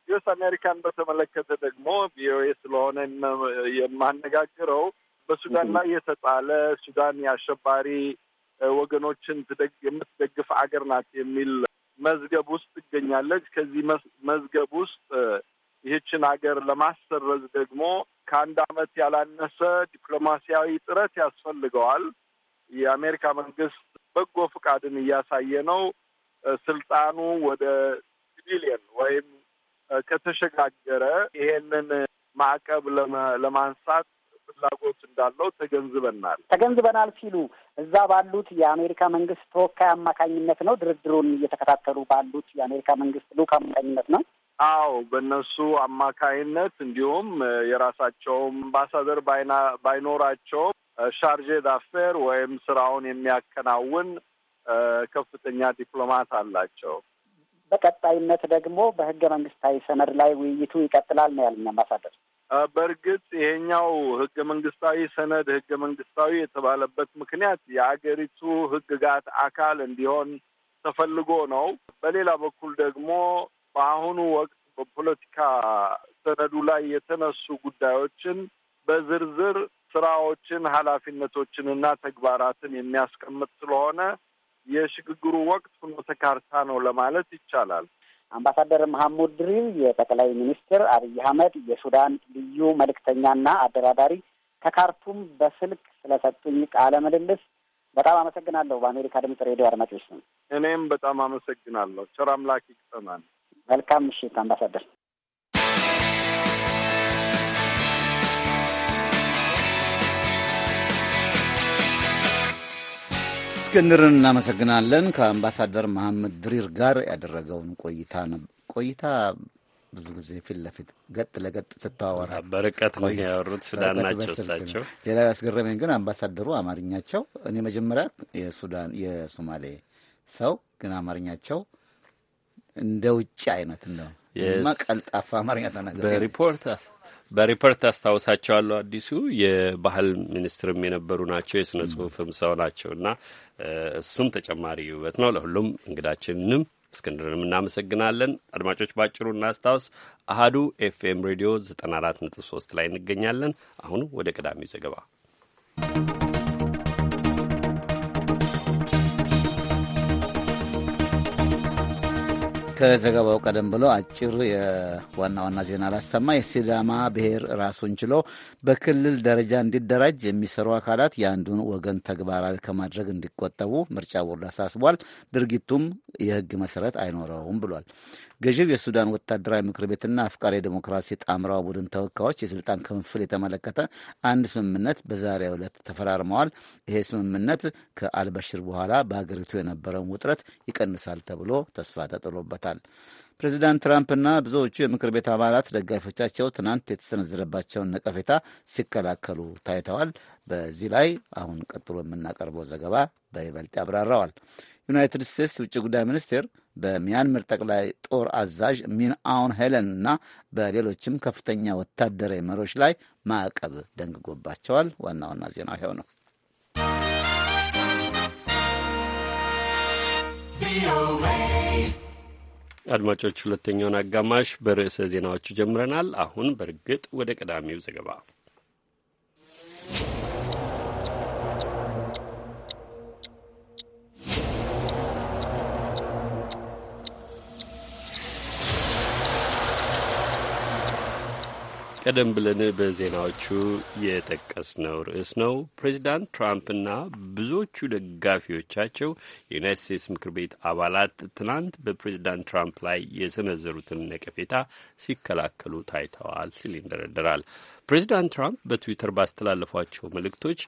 ዩኤስ አሜሪካን በተመለከተ ደግሞ ቪኦኤ ስለሆነ የማነጋግረው በሱዳን ላይ የተጣለ ሱዳን የአሸባሪ ወገኖችን የምትደግፍ አገር ናት የሚል መዝገብ ውስጥ ትገኛለች። ከዚህ መዝገብ ውስጥ ይህችን አገር ለማሰረዝ ደግሞ ከአንድ ዓመት ያላነሰ ዲፕሎማሲያዊ ጥረት ያስፈልገዋል። የአሜሪካ መንግስት በጎ ፈቃድን እያሳየ ነው። ስልጣኑ ወደ ሲቪሊየን ወይም ከተሸጋገረ ይሄንን ማዕቀብ ለማንሳት ፍላጎት እንዳለው ተገንዝበናል ተገንዝበናል ሲሉ እዛ ባሉት የአሜሪካ መንግስት ተወካይ አማካኝነት ነው ድርድሩን እየተከታተሉ ባሉት የአሜሪካ መንግስት ልዑክ አማካኝነት ነው። አዎ በእነሱ አማካይነት እንዲሁም የራሳቸውም አምባሳደር ባይኖራቸውም ሻርጄ ዳፌር ወይም ስራውን የሚያከናውን ከፍተኛ ዲፕሎማት አላቸው። በቀጣይነት ደግሞ በህገ መንግስታዊ ሰነድ ላይ ውይይቱ ይቀጥላል ነው ያለኝ አምባሳደር። በእርግጥ ይሄኛው ህገ መንግስታዊ ሰነድ ህገ መንግስታዊ የተባለበት ምክንያት የአገሪቱ ህግጋት አካል እንዲሆን ተፈልጎ ነው። በሌላ በኩል ደግሞ በአሁኑ ወቅት በፖለቲካ ሰነዱ ላይ የተነሱ ጉዳዮችን በዝርዝር ስራዎችን፣ ኃላፊነቶችን እና ተግባራትን የሚያስቀምጥ ስለሆነ የሽግግሩ ወቅት ፍኖተ ካርታ ነው ለማለት ይቻላል። አምባሳደር መሐሙድ ድሪር የጠቅላይ ሚኒስትር አብይ አህመድ የሱዳን ልዩ መልእክተኛና አደራዳሪ ከካርቱም በስልክ ስለሰጡኝ ቃለ ምልልስ በጣም አመሰግናለሁ። በአሜሪካ ድምጽ ሬዲዮ አድማጮች ስም እኔም በጣም አመሰግናለሁ። ቸር አምላክ ይግጠመን። መልካም ምሽት አምባሳደር። እስክንድርን እናመሰግናለን። ከአምባሳደር መሐመድ ድሪር ጋር ያደረገውን ቆይታ ቆይታ ብዙ ጊዜ ፊት ለፊት ገጥ ለገጥ ስታወራ በርቀት ነው ያወሩት፣ ሱዳን ናቸው እሳቸው። ሌላ ያስገረመኝ ግን አምባሳደሩ አማርኛቸው እኔ መጀመሪያ የሱዳን የሶማሌ ሰው ግን አማርኛቸው እንደ ውጭ አይነት እንደው ቀልጣፋ አማርኛ ተናገ በሪፖርት አስታውሳቸዋለሁ። አዲሱ የባህል ሚኒስትርም የነበሩ ናቸው። የስነ ጽሁፍም ሰው ናቸው እና እሱም ተጨማሪ ውበት ነው። ለሁሉም እንግዳችንንም እስክንድርንም እናመሰግናለን። አድማጮች ባጭሩ እናስታውስ፣ አሃዱ ኤፍኤም ሬዲዮ 94.3 ላይ እንገኛለን። አሁኑ ወደ ቀዳሚው ዘገባ ከዘገባው ቀደም ብሎ አጭር የዋና ዋና ዜና ላሰማ። የሲዳማ ብሔር ራሱን ችሎ በክልል ደረጃ እንዲደራጅ የሚሰሩ አካላት የአንዱን ወገን ተግባራዊ ከማድረግ እንዲቆጠቡ ምርጫ ቦርድ አሳስቧል። ድርጊቱም የሕግ መሰረት አይኖረውም ብሏል። ገዢው የሱዳን ወታደራዊ ምክር ቤትና አፍቃሪ ዴሞክራሲ ጣምራው ቡድን ተወካዮች የስልጣን ክፍፍል የተመለከተ አንድ ስምምነት በዛሬው ዕለት ተፈራርመዋል። ይሄ ስምምነት ከአልበሽር በኋላ በሀገሪቱ የነበረውን ውጥረት ይቀንሳል ተብሎ ተስፋ ተጥሎበታል። ያወሳል። ፕሬዚዳንት ትራምፕና ብዙዎቹ የምክር ቤት አባላት ደጋፊዎቻቸው ትናንት የተሰነዘረባቸውን ነቀፌታ ሲከላከሉ ታይተዋል። በዚህ ላይ አሁን ቀጥሎ የምናቀርበው ዘገባ በይበልጥ ያብራራዋል። ዩናይትድ ስቴትስ የውጭ ጉዳይ ሚኒስቴር በሚያንምር ጠቅላይ ጦር አዛዥ ሚን አውን ሄለን እና በሌሎችም ከፍተኛ ወታደራዊ መሪዎች ላይ ማዕቀብ ደንግጎባቸዋል። ዋና ዋና ዜና ይኸው ነው። ቪኦኤ አድማጮች፣ ሁለተኛውን አጋማሽ በርዕሰ ዜናዎቹ ጀምረናል። አሁን በእርግጥ ወደ ቀዳሚው ዘገባ ቀደም ብለን በዜናዎቹ የጠቀስነው ርዕስ ነው። ፕሬዚዳንት ትራምፕና ብዙዎቹ ደጋፊዎቻቸው የዩናይት ስቴትስ ምክር ቤት አባላት ትናንት በፕሬዚዳንት ትራምፕ ላይ የሰነዘሩትን ነቀፌታ ሲከላከሉ ታይተዋል ሲል ይንደረደራል። ፕሬዚዳንት ትራምፕ በትዊተር ባስተላለፏቸው መልእክቶች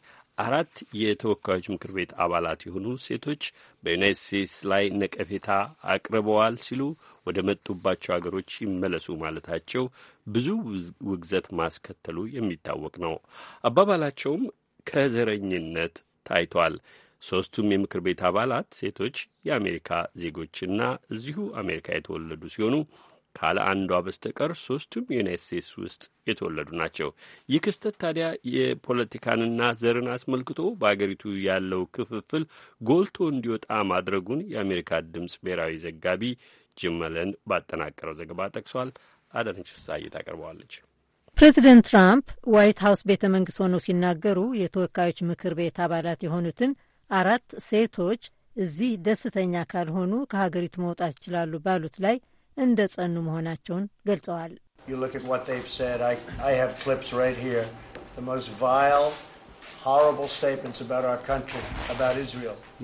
አራት የተወካዮች ምክር ቤት አባላት የሆኑ ሴቶች በዩናይት ስቴትስ ላይ ነቀፌታ አቅርበዋል ሲሉ ወደ መጡባቸው አገሮች ይመለሱ ማለታቸው ብዙ ውግዘት ማስከተሉ የሚታወቅ ነው። አባባላቸውም ከዘረኝነት ታይቷል። ሦስቱም የምክር ቤት አባላት ሴቶች የአሜሪካ ዜጎችና እዚሁ አሜሪካ የተወለዱ ሲሆኑ ካለ አንዷ በስተቀር ሶስቱም ዩናይት ስቴትስ ውስጥ የተወለዱ ናቸው። ይህ ክስተት ታዲያ የፖለቲካንና ዘርን አስመልክቶ በአገሪቱ ያለው ክፍፍል ጎልቶ እንዲወጣ ማድረጉን የአሜሪካ ድምፅ ብሔራዊ ዘጋቢ ጅመለን ባጠናቀረው ዘገባ ጠቅሷል። አዳነች ፍሳይ ታቀርበዋለች። ፕሬዚደንት ትራምፕ ዋይት ሀውስ ቤተ መንግስት ሆነው ሲናገሩ የተወካዮች ምክር ቤት አባላት የሆኑትን አራት ሴቶች እዚህ ደስተኛ ካልሆኑ ከሀገሪቱ መውጣት ይችላሉ ባሉት ላይ እንደ ጸኑ መሆናቸውን ገልጸዋል።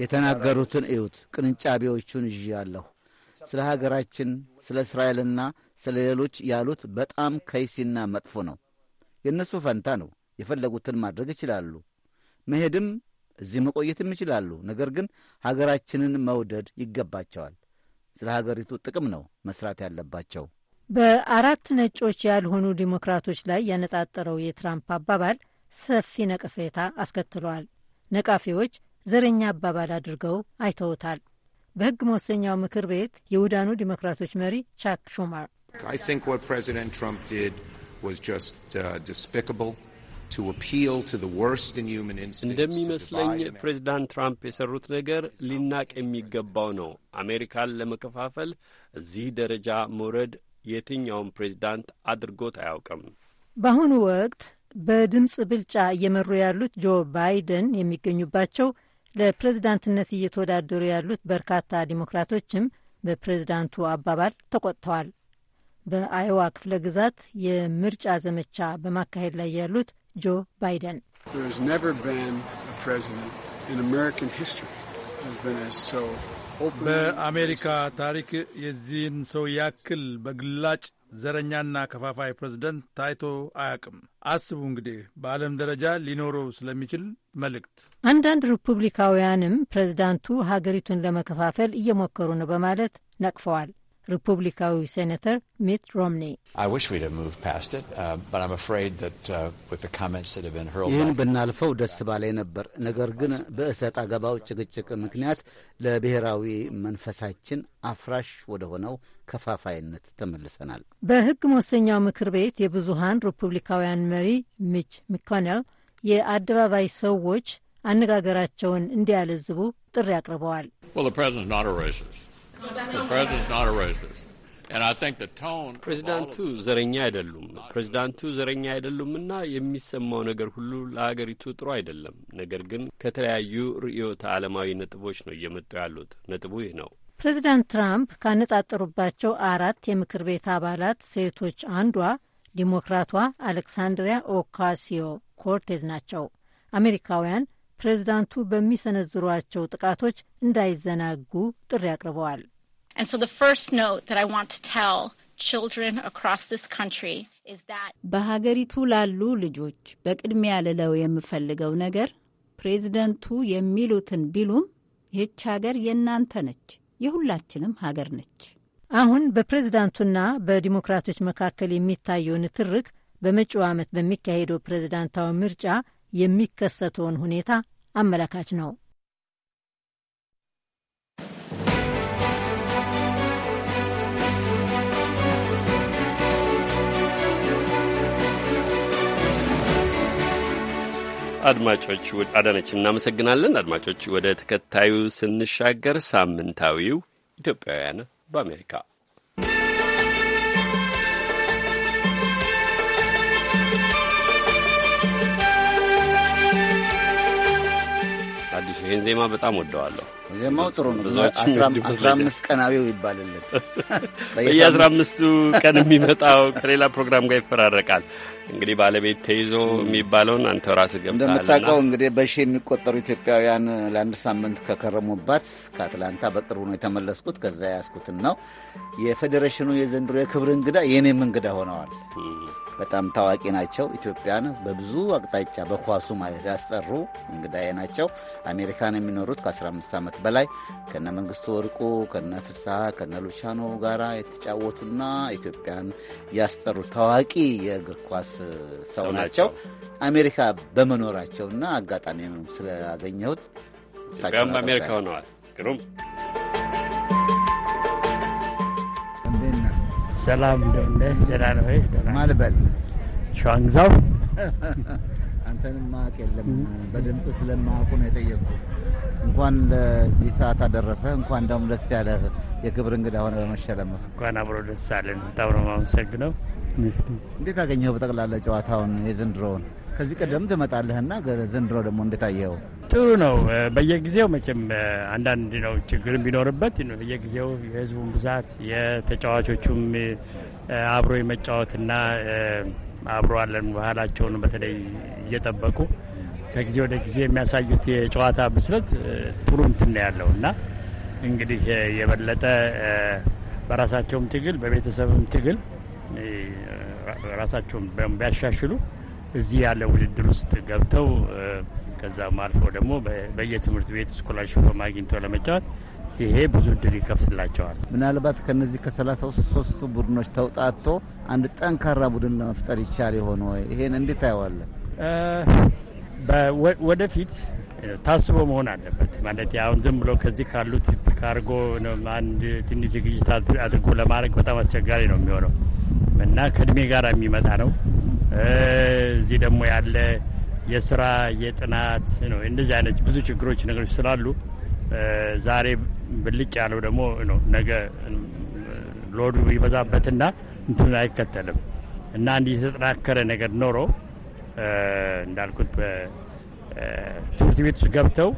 የተናገሩትን እዩት። ቅንጫቢዎቹን አለሁ። ስለ ሀገራችን፣ ስለ እስራኤልና ስለ ሌሎች ያሉት በጣም ከይሲና መጥፎ ነው። የእነሱ ፈንታ ነው። የፈለጉትን ማድረግ ይችላሉ። መሄድም እዚህ መቆየትም ይችላሉ። ነገር ግን ሀገራችንን መውደድ ይገባቸዋል። ስለ ሀገሪቱ ጥቅም ነው መስራት ያለባቸው። በአራት ነጮች ያልሆኑ ዲሞክራቶች ላይ ያነጣጠረው የትራምፕ አባባል ሰፊ ነቀፌታ አስከትሏል። ነቃፊዎች ዘረኛ አባባል አድርገው አይተውታል። በሕግ መወሰኛው ምክር ቤት የውዳኑ ዲሞክራቶች መሪ ቻክ ሹማር እንደሚመስለኝ ፕሬዚዳንት ትራምፕ የሰሩት ነገር ሊናቅ የሚገባው ነው። አሜሪካን ለመከፋፈል እዚህ ደረጃ መውረድ የትኛውም ፕሬዚዳንት አድርጎት አያውቅም። በአሁኑ ወቅት በድምፅ ብልጫ እየመሩ ያሉት ጆ ባይደን የሚገኙባቸው ለፕሬዝዳንትነት እየተወዳደሩ ያሉት በርካታ ዲሞክራቶችም በፕሬዝዳንቱ አባባል ተቆጥተዋል። በአይዋ ክፍለ ግዛት የምርጫ ዘመቻ በማካሄድ ላይ ያሉት ጆ ባይደን በአሜሪካ ታሪክ የዚህን ሰው ያክል በግላጭ ዘረኛና ከፋፋይ ፕሬዝደንት ታይቶ አያውቅም። አስቡ እንግዲህ በዓለም ደረጃ ሊኖረው ስለሚችል መልእክት። አንዳንድ ሪፑብሊካውያንም ፕሬዝዳንቱ ሀገሪቱን ለመከፋፈል እየሞከሩ ነው በማለት ነቅፈዋል። ሪፑብሊካዊ ሴኔተር ሚት ሮምኒ uh, uh, ይህን ብናልፈው ደስ ባላይ ነበር፣ ነገር ግን በእሰጥ አገባው ጭቅጭቅ ምክንያት ለብሔራዊ መንፈሳችን አፍራሽ ወደሆነው ከፋፋይነት ተመልሰናል። በሕግ መወሰኛው ምክር ቤት የብዙሃን ሪፑብሊካውያን መሪ ሚች ሚኮኔል የአደባባይ ሰዎች አነጋገራቸውን እንዲያለዝቡ ጥሪ አቅርበዋል። ፕሬዚዳንቱ ዘረኛ አይደሉም። ፕሬዚዳንቱ ዘረኛ አይደሉምና የሚሰማው ነገር ሁሉ ለአገሪቱ ጥሩ አይደለም። ነገር ግን ከተለያዩ ርዕዮተ ዓለማዊ ነጥቦች ነው እየመጡ ያሉት። ነጥቡ ይህ ነው። ፕሬዚዳንት ትራምፕ ካነጣጠሩባቸው አራት የምክር ቤት አባላት ሴቶች አንዷ ዲሞክራቷ አሌክሳንድሪያ ኦካሲዮ ኮርቴዝ ናቸው። አሜሪካውያን ፕሬዚዳንቱ በሚሰነዝሯቸው ጥቃቶች እንዳይዘናጉ ጥሪ አቅርበዋል። በሀገሪቱ ላሉ ልጆች በቅድሚያ ልለው የምፈልገው ነገር ፕሬዚደንቱ የሚሉትን ቢሉም ይህች ሀገር የእናንተ ነች፣ የሁላችንም ሀገር ነች። አሁን በፕሬዝዳንቱና በዲሞክራቶች መካከል የሚታየው ንትርክ በመጪው ዓመት በሚካሄደው ፕሬዝዳንታዊ ምርጫ የሚከሰተውን ሁኔታ አመላካች ነው። አድማጮች አዳነች እናመሰግናለን። አድማጮች ወደ ተከታዩ ስንሻገር ሳምንታዊው ኢትዮጵያውያን በአሜሪካ ይህን ዜማ በጣም ወደዋለሁ። ዜማው ጥሩ ነው። ቀናዊው ይባልልን። [LAUGHS] አስራ አምስቱ ቀን የሚመጣው ከሌላ ፕሮግራም ጋር ይፈራረቃል። እንግዲህ ባለቤት ተይዞ የሚባለውን አንተ ራስ ገብ እንደምታውቀው እንግዲህ በሺ የሚቆጠሩ ኢትዮጵያውያን ለአንድ ሳምንት ከከረሙባት ከአትላንታ በቅርቡ ነው የተመለስኩት። ከዛ ያስኩትን ነው የፌዴሬሽኑ የዘንድሮ የክብር እንግዳ የእኔም እንግዳ ሆነዋል። በጣም ታዋቂ ናቸው። ኢትዮጵያን በብዙ አቅጣጫ በኳሱ ማለት ያስጠሩ እንግዳዬ ናቸው። አሜሪካን የሚኖሩት ከ15 ዓመት በላይ ከነ መንግስቱ ወርቁ ከነ ፍስሐ ከነ ሉቻኖ ጋራ የተጫወቱና ኢትዮጵያን ያስጠሩ ታዋቂ የእግር ኳስ ሰው ናቸው። አሜሪካ በመኖራቸውና አጋጣሚ ስለአገኘሁት ሳቸው አሜሪካ ሆነዋል። ግሩም ሰላም እንደምነ ደህና [LAUGHS] ነው ወይ? ማልበል ሸዋንግዛው አንተንም ማቅ የለም በድምፅ ስለማያውቁ ነው የጠየቅኩት። እንኳን ለዚህ ሰዓት አደረሰ። እንኳን ደግሞ ደስ ያለ የክብር እንግዳ ሆነ በመሸለም እንኳን አብሮ ደስ አለን። በጣም ነው የማመሰግነው። እንዴት አገኘው በጠቅላላ ጨዋታውን የዘንድሮውን? ከዚህ ቀደም ትመጣለህና ዘንድሮ ደግሞ እንደታየኸው ጥሩ ነው። በየጊዜው መቼም አንዳንድ ነው ችግር ቢኖርበት በየጊዜው የህዝቡን ብዛት የተጫዋቾቹም አብሮ የመጫወትና አብሮ አለን ባህላቸውን በተለይ እየጠበቁ ከጊዜ ወደ ጊዜ የሚያሳዩት የጨዋታ ብስለት ጥሩ እንትን ያለው እና እንግዲህ የበለጠ በራሳቸውም ትግል በቤተሰብም ትግል ራሳቸውም ቢያሻሽሉ እዚህ ያለ ውድድር ውስጥ ገብተው ከዛም አልፎ ደግሞ በየትምህርት ቤት ስኮላርሽፕ አግኝቶ ለመጫወት ይሄ ብዙ እድል ይከፍትላቸዋል። ምናልባት ከነዚህ ከሰላሳ ሶስቱ ቡድኖች ተውጣቶ አንድ ጠንካራ ቡድን ለመፍጠር ይቻል የሆነ ወይ ይሄን እንዴት ታየዋለን? ወደፊት ታስቦ መሆን አለበት። ማለት አሁን ዝም ብሎ ከዚህ ካሉት ካርጎ አንድ ትንሽ ዝግጅት አድርጎ ለማድረግ በጣም አስቸጋሪ ነው የሚሆነው እና ከእድሜ ጋር የሚመጣ ነው እዚህ ደግሞ ያለ የስራ የጥናት ነው። እንደዚህ አይነት ብዙ ችግሮች ነገሮች ስላሉ ዛሬ ብልጭ ያለው ደግሞ ነው ነገ ሎዱ ይበዛበትና እንትን አይከተልም እና እንዲህ የተጠናከረ ነገር ኖሮ እንዳልኩት ትምህርት ቤት ውስጥ ገብተው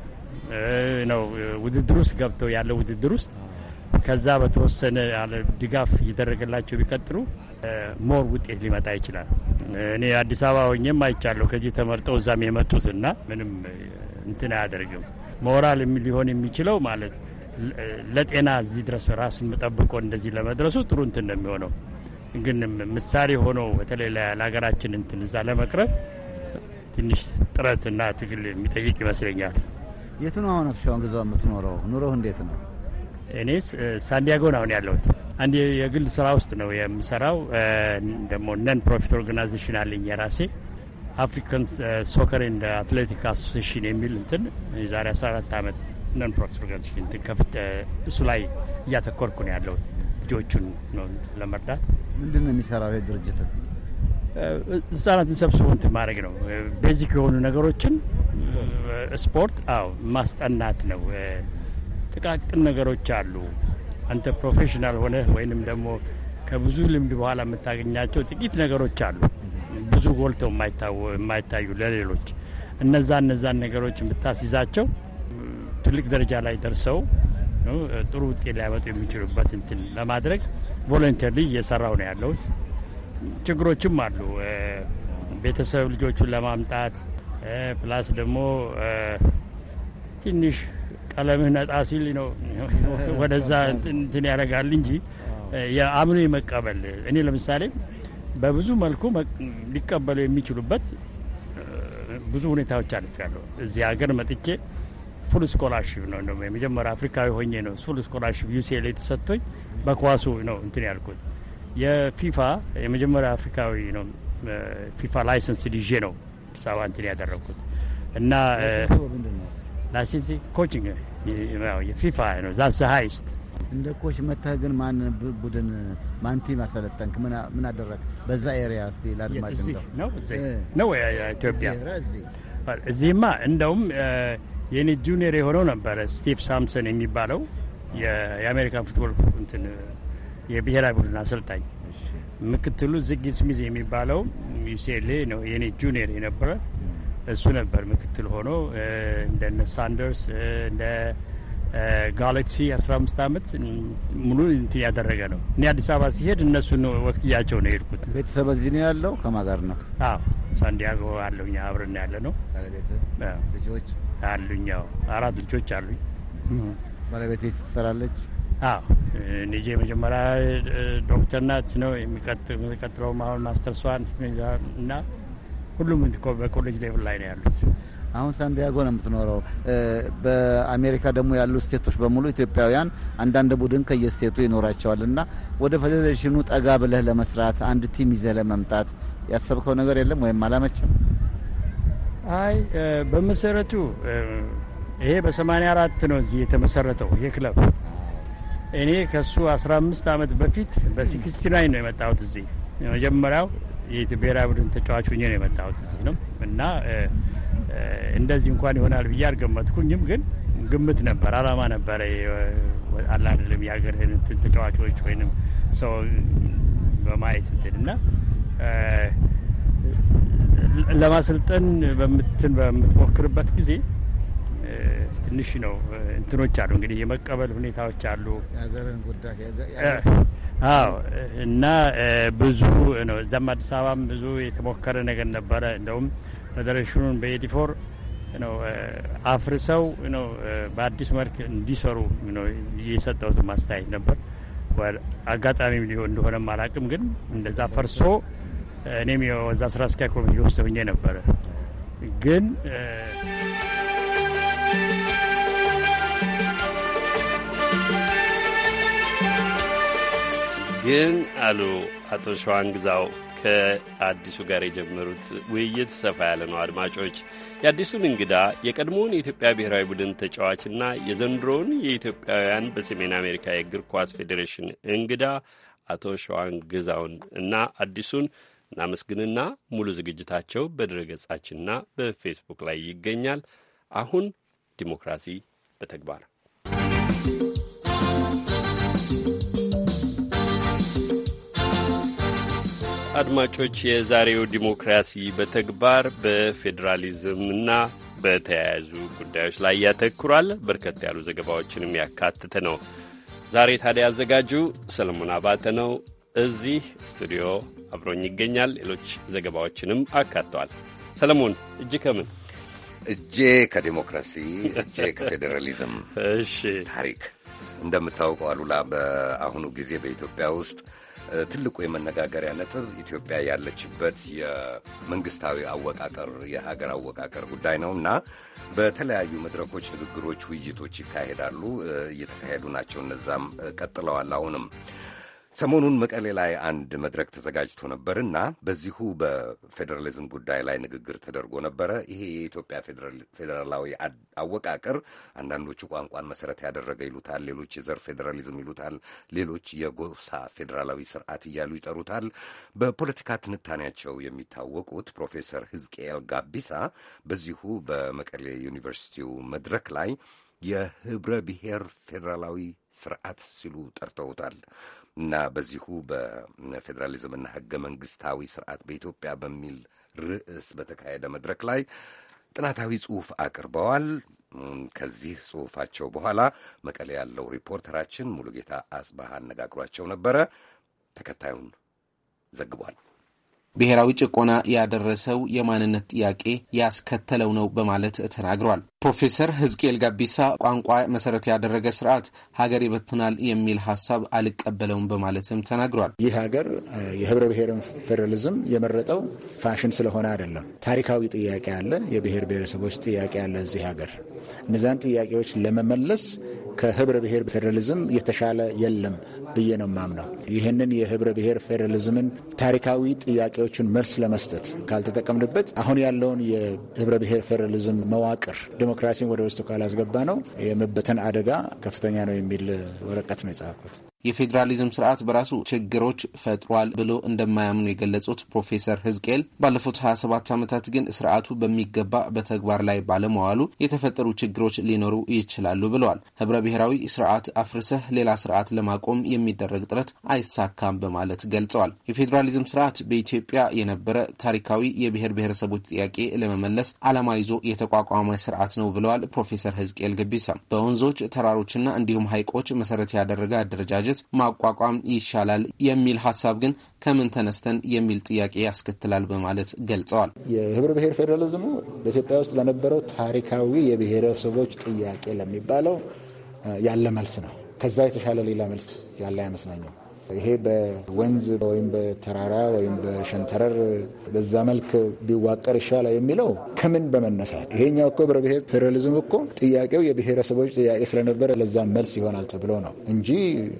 ነው ውድድር ውስጥ ገብተው ያለው ውድድር ውስጥ ከዛ በተወሰነ ድጋፍ እየደረገላቸው ቢቀጥሉ ሞር ውጤት ሊመጣ ይችላል። እኔ አዲስ አበባ ሆኜም አይቻለሁ። ከዚህ ተመርጠው እዛም የመጡትና ምንም እንትን አያደርግም። ሞራል ሊሆን የሚችለው ማለት ለጤና እዚህ ድረስ ራሱን ጠብቆ እንደዚህ ለመድረሱ ጥሩ እንትን ነው የሚሆነው። ግን ምሳሌ ሆኖ በተለይ ለሀገራችን እንትን እዛ ለመቅረብ ትንሽ ጥረትና ትግል የሚጠይቅ ይመስለኛል። የት ነው አሁን ብዙ የምትኖረው? ኑሮህ እንዴት ነው? እኔ ሳንዲያጎ ነው አሁን ያለሁት። አንድ የግል ስራ ውስጥ ነው የምሰራው። ደግሞ ነን ፕሮፊት ኦርጋናይዜሽን አለኝ የራሴ አፍሪካን ሶከር ኤንድ አትሌቲክ አሶሴሽን የሚል እንትን የዛሬ 14 ዓመት ነን ፕሮፊት ኦርጋናይዜሽን እንትን ከፍት እሱ ላይ እያተኮርኩ ነው ያለሁት። ልጆቹን ነው ለመርዳት። ምንድን ነው የሚሰራው ድርጅት? ህጻናትን ሰብስቦ እንትን ማድረግ ነው። ቤዚክ የሆኑ ነገሮችን ስፖርት፣ አዎ ማስጠናት ነው ጥቃቅን ነገሮች አሉ። አንተ ፕሮፌሽናል ሆነህ ወይንም ደግሞ ከብዙ ልምድ በኋላ የምታገኛቸው ጥቂት ነገሮች አሉ፣ ብዙ ጎልተው የማይታዩ ለሌሎች። እነዛ እነዛን ነገሮች የምታስይዛቸው ትልቅ ደረጃ ላይ ደርሰው ጥሩ ውጤት ሊያመጡ የሚችሉበት እንትን ለማድረግ ቮለንተሪ እየሰራው ነው ያለሁት። ችግሮችም አሉ። ቤተሰብ ልጆቹን ለማምጣት ፕላስ ደግሞ ትንሽ ቀለምህ ነጣ ሲል ነው ወደዛ እንትን ያደርጋል እንጂ የአምኖ የመቀበል እኔ ለምሳሌ በብዙ መልኩ ሊቀበሉ የሚችሉበት ብዙ ሁኔታዎች አልፍ አልፌያለሁ። እዚህ ሀገር መጥቼ ፉል ስኮላርሽፕ ነው ነው የመጀመሪያ አፍሪካዊ ሆኜ ነው ፉል ስኮላርሽፕ ዩሲኤልኤ የተሰጥቶኝ በኳሱ ነው እንትን ያልኩት። የፊፋ የመጀመሪያ አፍሪካዊ ነው ፊፋ ላይሰንስ ይዤ ነው አዲስ አበባ እንትን ያደረግኩት እና ላሲሲ ኮችንግ ፊፋ ነው ዛስ ሀይስት እንደ ኮች መተህ ግን ማን ቡድን ማን ቲም አሰለጠንክ? ምን አደረግ በዛ ኤሪያ ስ ለአድማጭ ነው ኢትዮጵያ እዚህማ እንደውም የኔ ጁኒየር የሆነው ነበረ ስቲቭ ሳምሰን የሚባለው የአሜሪካን ፉትቦል እንትን የብሔራዊ ቡድን አሰልጣኝ፣ ምክትሉ ዝጊ ስሚዝ የሚባለው ዩሴሌ ነው የኔ ጁኒየር የነበረ እሱ ነበር ምክትል ሆኖ እንደነ ሳንደርስ እንደ ጋላክሲ 15 ዓመት ሙሉ እንትን ያደረገ ነው። እኔ አዲስ አበባ ሲሄድ እነሱን ወክያቸው ነው የሄድኩት። ቤተሰብ እዚህ ነው ያለው። ከማን ጋር ነው? አዎ ሳንዲያጎ አለኝ። አብረን ያለ ነው። ልጆች አሉኝ። አራት ልጆች አሉኝ። ባለቤት ትሰራለች። አዎ ልጄ መጀመሪያ ዶክተር ናት ነው የሚቀጥለውም አሁን ማስተርሷን እና ሁሉም በኮሌጅ ሌቭል ላይ ነው ያሉት። አሁን ሳንዲያጎ ነው የምትኖረው። በአሜሪካ ደግሞ ያሉ ስቴቶች በሙሉ ኢትዮጵያውያን አንዳንድ ቡድን ከየስቴቱ ይኖራቸዋል እና ወደ ፌዴሬሽኑ ጠጋ ብለህ ለመስራት አንድ ቲም ይዘህ ለመምጣት ያሰብከው ነገር የለም ወይም አላመችም? አይ በመሰረቱ ይሄ በ84 ነው እዚህ የተመሰረተው ይሄ ክለብ። እኔ ከሱ 15 ዓመት በፊት በ69 ነው የመጣሁት እዚህ የመጀመሪያው የኢትዮጵያ ብሔራዊ ቡድን ተጫዋች ሁኜ ነው የመጣሁት እዚህ ነው እና እንደዚህ እንኳን ይሆናል ብዬ አልገመትኩኝም። ግን ግምት ነበር፣ አላማ ነበረ። አላ አይደለም የሀገርህን እንትን ተጫዋቾች ወይንም ሰው በማየት እንትን እና ለማሰልጠን በምትን በምትሞክርበት ጊዜ ትንሽ ነው እንትኖች አሉ እንግዲህ የመቀበል ሁኔታዎች አሉ። አዎ እና ብዙ ነው። እዛም አዲስ አበባም ብዙ የተሞከረ ነገር ነበረ። እንደውም ፌዴሬሽኑን በኤዲፎር ነው አፍርሰው ነው በአዲስ መልክ እንዲሰሩ ነው የሰጠሁት ማስተያየት ነበር። አጋጣሚ ሊሆን እንደሆነ አላቅም፣ ግን እንደዛ ፈርሶ እኔም የወዛ ስራ አስኪያጅ ኮሚቴ ውስጥ ሆኜ ነበረ ግን ግን አሉ አቶ ሸዋን ግዛው ከአዲሱ ጋር የጀመሩት ውይይት ሰፋ ያለ ነው። አድማጮች የአዲሱን እንግዳ የቀድሞውን የኢትዮጵያ ብሔራዊ ቡድን ተጫዋችና የዘንድሮውን የኢትዮጵያውያን በሰሜን አሜሪካ የእግር ኳስ ፌዴሬሽን እንግዳ አቶ ሸዋን ግዛውን እና አዲሱን እናመስግንና ሙሉ ዝግጅታቸው ገጻችንና በፌስቡክ ላይ ይገኛል። አሁን ዲሞክራሲ በተግባር አድማጮች የዛሬው ዲሞክራሲ በተግባር በፌዴራሊዝምና በተያያዙ ጉዳዮች ላይ ያተኩራል። በርከት ያሉ ዘገባዎችንም ያካተተ ነው። ዛሬ ታዲያ አዘጋጁ ሰለሞን አባተ ነው። እዚህ ስቱዲዮ አብሮኝ ይገኛል። ሌሎች ዘገባዎችንም አካተዋል። ሰለሞን እጅ ከምን እጄ ከዲሞክራሲ እጄ ከፌዴራሊዝም እሺ ታሪክ እንደምታውቀው አሉላ በአሁኑ ጊዜ በኢትዮጵያ ውስጥ ትልቁ የመነጋገሪያ ነጥብ ኢትዮጵያ ያለችበት የመንግስታዊ አወቃቀር የሀገር አወቃቀር ጉዳይ ነው እና በተለያዩ መድረኮች ንግግሮች፣ ውይይቶች ይካሄዳሉ፣ እየተካሄዱ ናቸው። እነዛም ቀጥለዋል አሁንም ሰሞኑን መቀሌ ላይ አንድ መድረክ ተዘጋጅቶ ነበርና በዚሁ በፌዴራሊዝም ጉዳይ ላይ ንግግር ተደርጎ ነበረ። ይሄ የኢትዮጵያ ፌዴራላዊ አወቃቀር አንዳንዶቹ ቋንቋን መሰረት ያደረገ ይሉታል፣ ሌሎች የዘር ፌዴራሊዝም ይሉታል፣ ሌሎች የጎሳ ፌዴራላዊ ስርዓት እያሉ ይጠሩታል። በፖለቲካ ትንታኔያቸው የሚታወቁት ፕሮፌሰር ህዝቅኤል ጋቢሳ በዚሁ በመቀሌ ዩኒቨርሲቲው መድረክ ላይ የህብረ ብሔር ፌዴራላዊ ስርዓት ሲሉ ጠርተውታል። እና በዚሁ በፌዴራሊዝምና ህገ መንግስታዊ ስርዓት በኢትዮጵያ በሚል ርዕስ በተካሄደ መድረክ ላይ ጥናታዊ ጽሑፍ አቅርበዋል። ከዚህ ጽሑፋቸው በኋላ መቀሌ ያለው ሪፖርተራችን ሙሉጌታ አጽባሃ አነጋግሯቸው ነበረ። ተከታዩን ዘግቧል። ብሔራዊ ጭቆና ያደረሰው የማንነት ጥያቄ ያስከተለው ነው በማለት ተናግሯል። ፕሮፌሰር ህዝቅኤል ጋቢሳ ቋንቋ መሰረት ያደረገ ስርዓት ሀገር ይበትናል የሚል ሀሳብ አልቀበለውም በማለትም ተናግሯል። ይህ ሀገር የህብረ ብሔር ፌዴራሊዝም የመረጠው ፋሽን ስለሆነ አይደለም። ታሪካዊ ጥያቄ አለ፣ የብሔር ብሔረሰቦች ጥያቄ አለ። እዚህ ሀገር እነዚያን ጥያቄዎች ለመመለስ ከህብረ ብሔር ፌዴራሊዝም የተሻለ የለም ብዬ ነው የማምነው። ይህንን የህብረ ብሔር ፌዴራሊዝምን ታሪካዊ ጥያቄዎችን መልስ ለመስጠት ካልተጠቀምንበት አሁን ያለውን የህብረ ብሔር ፌዴራሊዝም መዋቅር ዲሞክራሲን ወደ ውስጡ ካላስገባ ነው የመበተን አደጋ ከፍተኛ ነው የሚል ወረቀት ነው የጻፍኩት። የፌዴራሊዝም ስርዓት በራሱ ችግሮች ፈጥሯል ብሎ እንደማያምኑ የገለጹት ፕሮፌሰር ህዝቅኤል ባለፉት 27 ዓመታት ግን ስርዓቱ በሚገባ በተግባር ላይ ባለመዋሉ የተፈጠሩ ችግሮች ሊኖሩ ይችላሉ ብለዋል። ህብረ ብሔራዊ ስርዓት አፍርሰህ ሌላ ስርዓት ለማቆም የሚደረግ ጥረት አይሳካም በማለት ገልጸዋል። የፌዴራሊዝም ስርዓት በኢትዮጵያ የነበረ ታሪካዊ የብሔር ብሔረሰቦች ጥያቄ ለመመለስ ዓላማ ይዞ የተቋቋመ ስርዓት ነው ብለዋል ፕሮፌሰር ህዝቅኤል ገቢሳ። በወንዞች ተራሮችና እንዲሁም ሐይቆች መሰረት ያደረገ አደረጃጀት በማደራጀት ማቋቋም ይሻላል የሚል ሀሳብ ግን ከምን ተነስተን የሚል ጥያቄ ያስከትላል በማለት ገልጸዋል። የህብረ ብሔር ፌዴራሊዝሙ በኢትዮጵያ ውስጥ ለነበረው ታሪካዊ የብሔረሰቦች ጥያቄ ለሚባለው ያለ መልስ ነው። ከዛ የተሻለ ሌላ መልስ ያለ አይመስለኝም። ይሄ በወንዝ ወይም በተራራ ወይም በሸንተረር በዛ መልክ ቢዋቀር ይሻላል የሚለው ከምን በመነሳት ይሄኛው እኮ ብሔረ ፌዴራሊዝም እኮ ጥያቄው የብሔረሰቦች ጥያቄ ስለነበረ ለዛ መልስ ይሆናል ተብሎ ነው እንጂ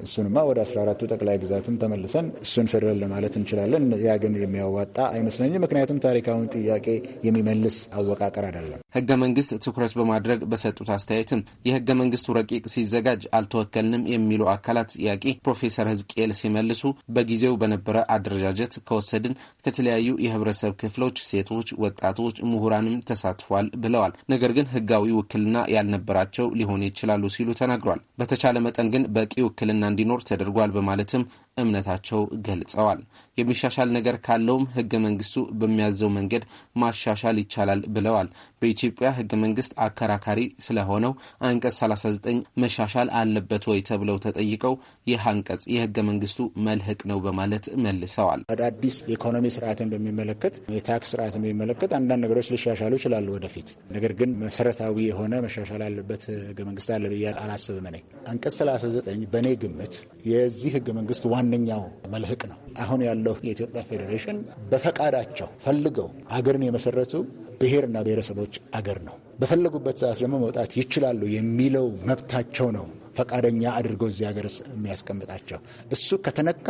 እሱንማ ወደ 14ቱ ጠቅላይ ግዛትም ተመልሰን እሱን ፌዴራል ለማለት እንችላለን። ያ ግን የሚያዋጣ አይመስለኝም። ምክንያቱም ታሪካዊ ጥያቄ የሚመልስ አወቃቀር አይደለም። ህገ መንግስት ትኩረት በማድረግ በሰጡት አስተያየትም የህገ መንግስቱ ረቂቅ ሲዘጋጅ አልተወከልንም የሚሉ አካላት ጥያቄ ፕሮፌሰር ህዝቅኤል ሲመልሱ በጊዜው በነበረ አደረጃጀት ከወሰድን ከተለያዩ የህብረተሰብ ክፍሎች ሴቶች፣ ወጣቶች፣ ምሁራንም ተሳትፏል ብለዋል። ነገር ግን ህጋዊ ውክልና ያልነበራቸው ሊሆኑ ይችላሉ ሲሉ ተናግሯል። በተቻለ መጠን ግን በቂ ውክልና እንዲኖር ተደርጓል በማለትም እምነታቸው ገልጸዋል። የሚሻሻል ነገር ካለውም ህገ መንግስቱ በሚያዘው መንገድ ማሻሻል ይቻላል ብለዋል። በኢትዮጵያ ህገ መንግስት አከራካሪ ስለሆነው አንቀጽ 39 መሻሻል አለበት ወይ ተብለው ተጠይቀው ይህ አንቀጽ የህገ መንግስቱ መልህቅ ነው በማለት መልሰዋል። አዳዲስ የኢኮኖሚ ስርዓትን በሚመለከት የታክስ ስርዓትን በሚመለከት አንዳንድ ነገሮች ሊሻሻሉ ይችላሉ ወደፊት። ነገር ግን መሰረታዊ የሆነ መሻሻል አለበት ህገ መንግስት አለ ብዬ አላስብም። እኔ አንቀጽ 39 በእኔ ግምት የዚህ ህገ መንግስት ዋነኛው መልህቅ ነው። አሁን ያለው የኢትዮጵያ ፌዴሬሽን በፈቃዳቸው ፈልገው አገርን የመሰረቱ ብሔርና ብሔረሰቦች አገር ነው። በፈለጉበት ሰዓት ደግሞ መውጣት ይችላሉ የሚለው መብታቸው ነው። ፈቃደኛ አድርገው እዚህ ሀገር የሚያስቀምጣቸው እሱ ከተነካ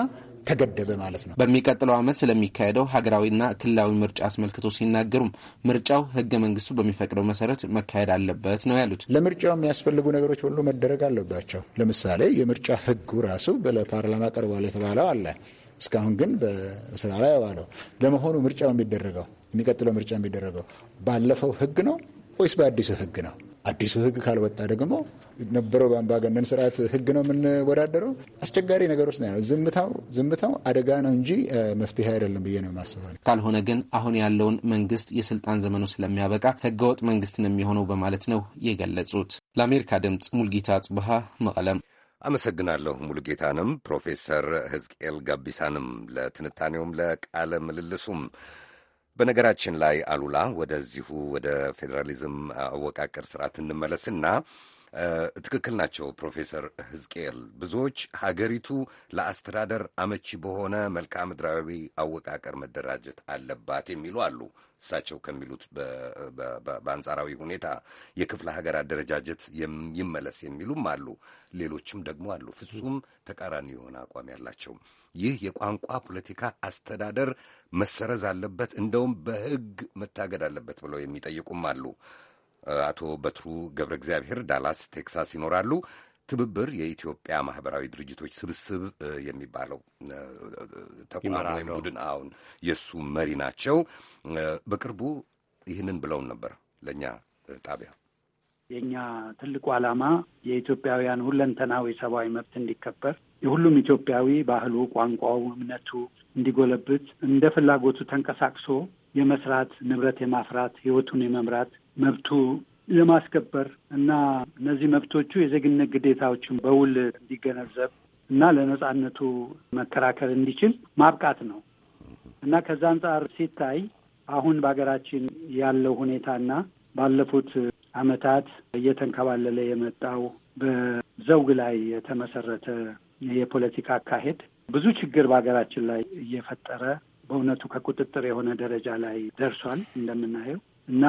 ተገደበ ማለት ነው። በሚቀጥለው ዓመት ስለሚካሄደው ሀገራዊና ክልላዊ ምርጫ አስመልክቶ ሲናገሩም ምርጫው ህገ መንግስቱ በሚፈቅደው መሰረት መካሄድ አለበት ነው ያሉት። ለምርጫው የሚያስፈልጉ ነገሮች ሁሉ መደረግ አለባቸው። ለምሳሌ የምርጫ ህጉ ራሱ ለፓርላማ ቀርቧል የተባለው አለ እስካሁን ግን በስራ ላይ የዋለው ለመሆኑ ምርጫው የሚደረገው የሚቀጥለው ምርጫ የሚደረገው ባለፈው ህግ ነው ወይስ በአዲሱ ህግ ነው? አዲሱ ህግ ካልወጣ ደግሞ ነበረው በአምባገነን ስርዓት ህግ ነው የምንወዳደረው። አስቸጋሪ ነገሮች ነው ዝምታው ዝምታው አደጋ ነው እንጂ መፍትሄ አይደለም ብዬ ነው የማስበው። ካልሆነ ግን አሁን ያለውን መንግስት የስልጣን ዘመኑ ስለሚያበቃ ህገወጥ መንግስት ነው የሚሆነው በማለት ነው የገለጹት። ለአሜሪካ ድምፅ ሙልጌታ ጽብሃ መቀለም። አመሰግናለሁ ሙልጌታንም ፕሮፌሰር ህዝቅኤል ጋቢሳንም ለትንታኔውም ለቃለ ምልልሱም። በነገራችን ላይ አሉላ ወደዚሁ ወደ ፌዴራሊዝም አወቃቀር ስርዓት እንመለስና ትክክል ናቸው ፕሮፌሰር ህዝቅኤል። ብዙዎች ሀገሪቱ ለአስተዳደር አመቺ በሆነ መልክዓ ምድራዊ አወቃቀር መደራጀት አለባት የሚሉ አሉ። እሳቸው ከሚሉት በአንጻራዊ ሁኔታ የክፍለ ሀገር አደረጃጀት ይመለስ የሚሉም አሉ። ሌሎችም ደግሞ አሉ ፍጹም ተቃራኒ የሆነ አቋም ያላቸው። ይህ የቋንቋ ፖለቲካ አስተዳደር መሰረዝ አለበት፣ እንደውም በህግ መታገድ አለበት ብለው የሚጠይቁም አሉ። አቶ በትሩ ገብረ እግዚአብሔር ዳላስ ቴክሳስ ይኖራሉ። ትብብር የኢትዮጵያ ማህበራዊ ድርጅቶች ስብስብ የሚባለው ተቋም ወይም ቡድን አሁን የእሱ መሪ ናቸው። በቅርቡ ይህንን ብለውን ነበር ለእኛ ጣቢያ። የእኛ ትልቁ ዓላማ የኢትዮጵያውያን ሁለንተናዊ ሰብአዊ መብት እንዲከበር የሁሉም ኢትዮጵያዊ ባህሉ፣ ቋንቋው፣ እምነቱ እንዲጎለብት እንደ ፍላጎቱ ተንቀሳቅሶ የመስራት ንብረት የማፍራት ህይወቱን የመምራት መብቱ የማስከበር እና እነዚህ መብቶቹ የዜግነት ግዴታዎችን በውል እንዲገነዘብ እና ለነጻነቱ መከራከር እንዲችል ማብቃት ነው እና ከዛ አንጻር ሲታይ አሁን በሀገራችን ያለው ሁኔታና ባለፉት ዓመታት እየተንከባለለ የመጣው በዘውግ ላይ የተመሰረተ የፖለቲካ አካሄድ ብዙ ችግር በሀገራችን ላይ እየፈጠረ በእውነቱ ከቁጥጥር የሆነ ደረጃ ላይ ደርሷል እንደምናየው እና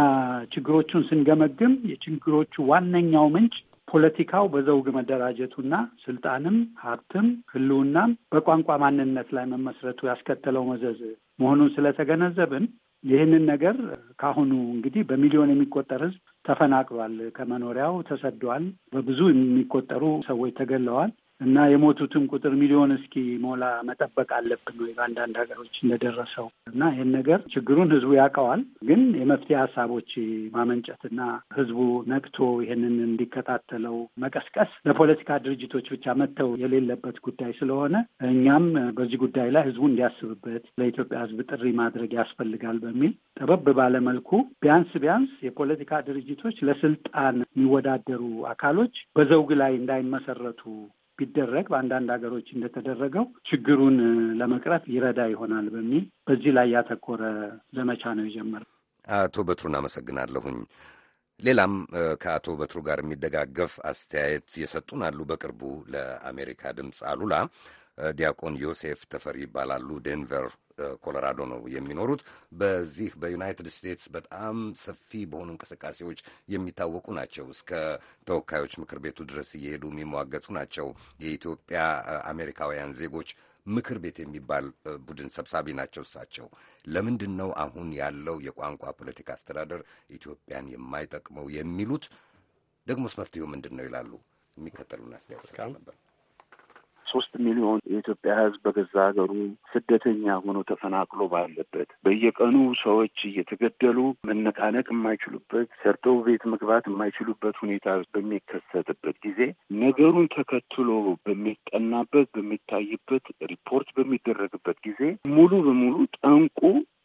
ችግሮቹን ስንገመግም የችግሮቹ ዋነኛው ምንጭ ፖለቲካው በዘውግ መደራጀቱና ስልጣንም ሀብትም ህልውናም በቋንቋ ማንነት ላይ መመስረቱ ያስከተለው መዘዝ መሆኑን ስለተገነዘብን ይህንን ነገር ከአሁኑ እንግዲህ በሚሊዮን የሚቆጠር ህዝብ ተፈናቅሏል፣ ከመኖሪያው ተሰዷል፣ በብዙ የሚቆጠሩ ሰዎች ተገለዋል። እና የሞቱትም ቁጥር ሚሊዮን እስኪ ሞላ መጠበቅ አለብን ወይ በአንዳንድ ሀገሮች እንደደረሰው እና ይህን ነገር ችግሩን ህዝቡ ያውቀዋል። ግን የመፍትሄ ሀሳቦች ማመንጨት እና ህዝቡ ነቅቶ ይህንን እንዲከታተለው መቀስቀስ ለፖለቲካ ድርጅቶች ብቻ መተው የሌለበት ጉዳይ ስለሆነ እኛም በዚህ ጉዳይ ላይ ህዝቡ እንዲያስብበት ለኢትዮጵያ ህዝብ ጥሪ ማድረግ ያስፈልጋል በሚል ጠበብ ባለመልኩ ቢያንስ ቢያንስ የፖለቲካ ድርጅቶች ለስልጣን የሚወዳደሩ አካሎች በዘውግ ላይ እንዳይመሰረቱ ቢደረግ በአንዳንድ ሀገሮች እንደተደረገው ችግሩን ለመቅረፍ ይረዳ ይሆናል በሚል በዚህ ላይ ያተኮረ ዘመቻ ነው የጀመረው። አቶ በትሩን አመሰግናለሁኝ። ሌላም ከአቶ በትሩ ጋር የሚደጋገፍ አስተያየት የሰጡን አሉ። በቅርቡ ለአሜሪካ ድምፅ አሉላ ዲያቆን ዮሴፍ ተፈሪ ይባላሉ። ዴንቨር ኮሎራዶ ነው የሚኖሩት። በዚህ በዩናይትድ ስቴትስ በጣም ሰፊ በሆኑ እንቅስቃሴዎች የሚታወቁ ናቸው። እስከ ተወካዮች ምክር ቤቱ ድረስ እየሄዱ የሚሟገቱ ናቸው። የኢትዮጵያ አሜሪካውያን ዜጎች ምክር ቤት የሚባል ቡድን ሰብሳቢ ናቸው። እሳቸው ለምንድን ነው አሁን ያለው የቋንቋ ፖለቲካ አስተዳደር ኢትዮጵያን የማይጠቅመው የሚሉት? ደግሞስ መፍትሄው ምንድን ነው ይላሉ። የሚከተሉን አስተያየት ነበር ሶስት ሚሊዮን የኢትዮጵያ ሕዝብ በገዛ ሀገሩ ስደተኛ ሆኖ ተፈናቅሎ ባለበት በየቀኑ ሰዎች እየተገደሉ መነቃነቅ የማይችሉበት ሰርተው ቤት መግባት የማይችሉበት ሁኔታ በሚከሰትበት ጊዜ ነገሩን ተከትሎ በሚጠናበት በሚታይበት ሪፖርት በሚደረግበት ጊዜ ሙሉ በሙሉ ጠንቁ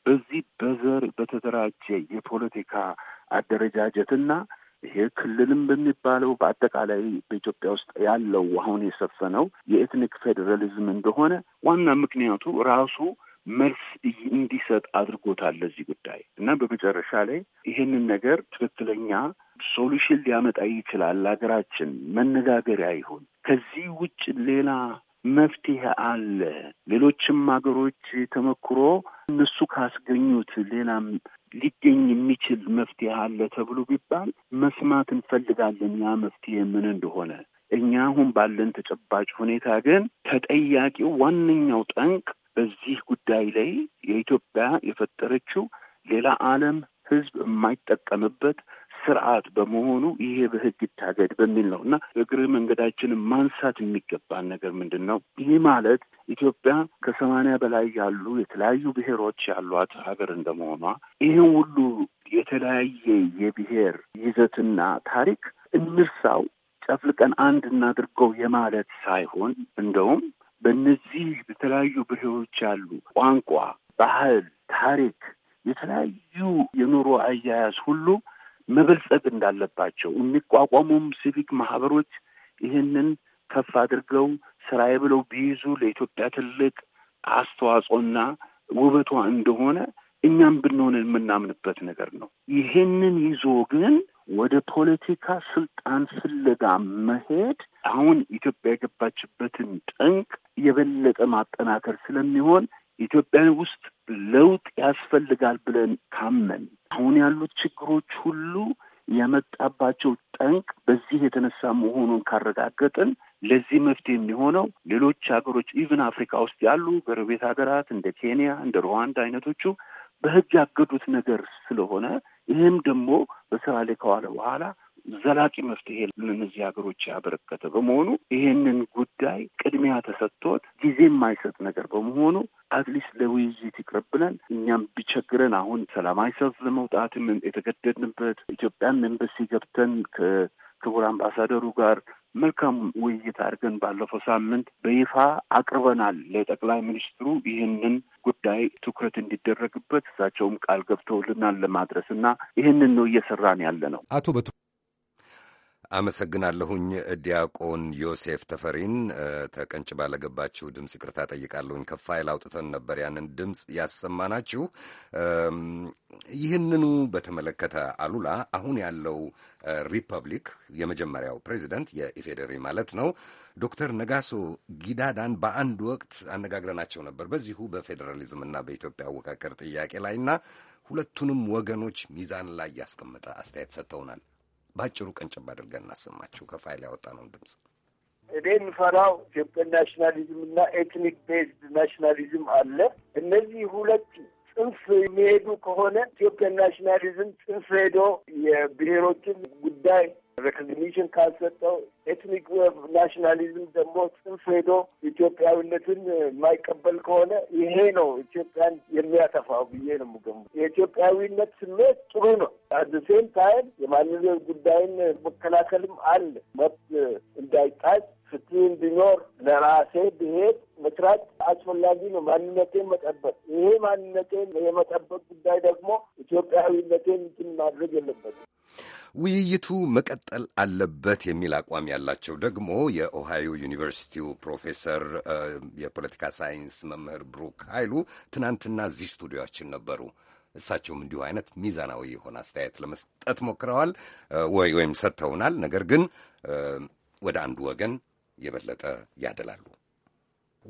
በዚህ በዘር በተደራጀ የፖለቲካ አደረጃጀትና ይሄ ክልልም በሚባለው በአጠቃላይ በኢትዮጵያ ውስጥ ያለው አሁን የሰፈነው የኤትኒክ ፌዴራሊዝም እንደሆነ ዋና ምክንያቱ ራሱ መልስ እንዲሰጥ አድርጎታል ለዚህ ጉዳይ እና በመጨረሻ ላይ ይህንን ነገር ትክክለኛ ሶሉሽን ሊያመጣ ይችላል ሀገራችን መነጋገሪያ ይሁን። ከዚህ ውጭ ሌላ መፍትሄ አለ። ሌሎችም ሀገሮች ተመክሮ እነሱ ካስገኙት ሌላም ሊገኝ የሚችል መፍትሄ አለ ተብሎ ቢባል መስማት እንፈልጋለን ያ መፍትሄ ምን እንደሆነ። እኛ አሁን ባለን ተጨባጭ ሁኔታ ግን ተጠያቂው ዋነኛው ጠንቅ በዚህ ጉዳይ ላይ የኢትዮጵያ የፈጠረችው ሌላ ዓለም ህዝብ የማይጠቀምበት ስርዓት በመሆኑ ይሄ በህግ ይታገድ በሚል ነው እና እግረ መንገዳችንን ማንሳት የሚገባን ነገር ምንድን ነው? ይህ ማለት ኢትዮጵያ ከሰማንያ በላይ ያሉ የተለያዩ ብሔሮች ያሏት ሀገር እንደመሆኗ ይህን ሁሉ የተለያየ የብሔር ይዘትና ታሪክ እንርሳው፣ ጨፍልቀን አንድ እናድርገው የማለት ሳይሆን እንደውም በእነዚህ የተለያዩ ብሔሮች ያሉ ቋንቋ፣ ባህል፣ ታሪክ የተለያዩ የኑሮ አያያዝ ሁሉ መበልጸግ እንዳለባቸው የሚቋቋሙም ሲቪክ ማህበሮች ይህንን ከፍ አድርገው ስራዬ ብለው ቢይዙ ለኢትዮጵያ ትልቅ አስተዋጽኦና ውበቷ እንደሆነ እኛም ብንሆን የምናምንበት ነገር ነው። ይህንን ይዞ ግን ወደ ፖለቲካ ስልጣን ፍለጋ መሄድ አሁን ኢትዮጵያ የገባችበትን ጠንቅ የበለጠ ማጠናከር ስለሚሆን ኢትዮጵያን ውስጥ ለውጥ ያስፈልጋል ብለን ካመን አሁን ያሉት ችግሮች ሁሉ የመጣባቸው ጠንቅ በዚህ የተነሳ መሆኑን ካረጋገጥን ለዚህ መፍትሄ የሚሆነው ሌሎች ሀገሮች ኢቭን አፍሪካ ውስጥ ያሉ ጎረቤት ሀገራት እንደ ኬንያ፣ እንደ ሩዋንዳ አይነቶቹ በህግ ያገዱት ነገር ስለሆነ ይህም ደግሞ በስራ ላይ ከዋለ በኋላ ዘላቂ መፍትሄ ለእነዚህ ሀገሮች ያበረከተ በመሆኑ ይህንን ጉዳይ ቅድሚያ ተሰጥቶት ጊዜ የማይሰጥ ነገር በመሆኑ አትሊስት ለውይይት ይቅርብናል። እኛም ቢቸግረን አሁን ሰላማዊ ሰልፍ ለመውጣትም የተገደድንበት ኢትዮጵያን ኤምበሲ ገብተን ከክቡር አምባሳደሩ ጋር መልካም ውይይት አድርገን ባለፈው ሳምንት በይፋ አቅርበናል ለጠቅላይ ሚኒስትሩ ይህንን ጉዳይ ትኩረት እንዲደረግበት እሳቸውም ቃል ገብተውልናል ለማድረስ እና ይህንን ነው እየሰራን ያለ ነው አቶ አመሰግናለሁኝ ዲያቆን ዮሴፍ ተፈሪን። ተቀንጭ ባለገባችሁ ድምፅ ይቅርታ ጠይቃለሁኝ። ከፋይል አውጥተን ነበር ያንን ድምፅ ያሰማናችሁ። ይህንኑ በተመለከተ አሉላ፣ አሁን ያለው ሪፐብሊክ የመጀመሪያው ፕሬዚደንት የኢፌዴሪ ማለት ነው ዶክተር ነጋሶ ጊዳዳን በአንድ ወቅት አነጋግረናቸው ነበር በዚሁ በፌዴራሊዝምና በኢትዮጵያ አወቃቀር ጥያቄ ላይና ሁለቱንም ወገኖች ሚዛን ላይ ያስቀመጠ አስተያየት ሰጥተውናል። በአጭሩ ቀንጨብ አድርገን እናሰማችሁ። ከፋይል ያወጣነውን ድምፅ እኔ የምፈራው ኢትዮጵያን ናሽናሊዝም እና ኤትኒክ ቤዝድ ናሽናሊዝም አለ። እነዚህ ሁለት ጽንፍ የሚሄዱ ከሆነ ኢትዮጵያን ናሽናሊዝም ጽንፍ ሄዶ የብሔሮችን ጉዳይ ሬኮግኒሽን ካልሰጠው ኤትኒክ ናሽናሊዝም ደግሞ ጽንፍ ሄዶ ኢትዮጵያዊነትን uh, የማይቀበል ከሆነ ይሄ ነው ኢትዮጵያን የሚያጠፋው ብዬ ነው የምገምተው። የኢትዮጵያዊነት ስሜት ጥሩ ነው። አት ሴም ታይም የማንነት ጉዳይን መከላከልም አለ መብት uh, እንዳይጣጭ ፍትህ እንዲኖር ለራሴ ብሄድ መስራት አስፈላጊ ነው። ማንነቴን መጠበቅ ይሄ ማንነቴን የመጠበቅ ጉዳይ ደግሞ ኢትዮጵያዊነቴን እንትን ማድረግ የለበትም። ውይይቱ መቀጠል አለበት የሚል አቋም ያላቸው ደግሞ የኦሃዮ ዩኒቨርሲቲው ፕሮፌሰር የፖለቲካ ሳይንስ መምህር ብሩክ ኃይሉ ትናንትና እዚህ ስቱዲዮችን ነበሩ። እሳቸውም እንዲሁ አይነት ሚዛናዊ የሆነ አስተያየት ለመስጠት ሞክረዋል ወይ ወይም ሰጥተውናል። ነገር ግን ወደ አንዱ ወገን የበለጠ ያደላሉ።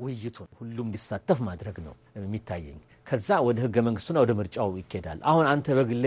ውይይቱን ሁሉም እንዲሳተፍ ማድረግ ነው የሚታየኝ። ከዛ ወደ ህገ መንግስቱና ወደ ምርጫው ይኬዳል። አሁን አንተ በግሌ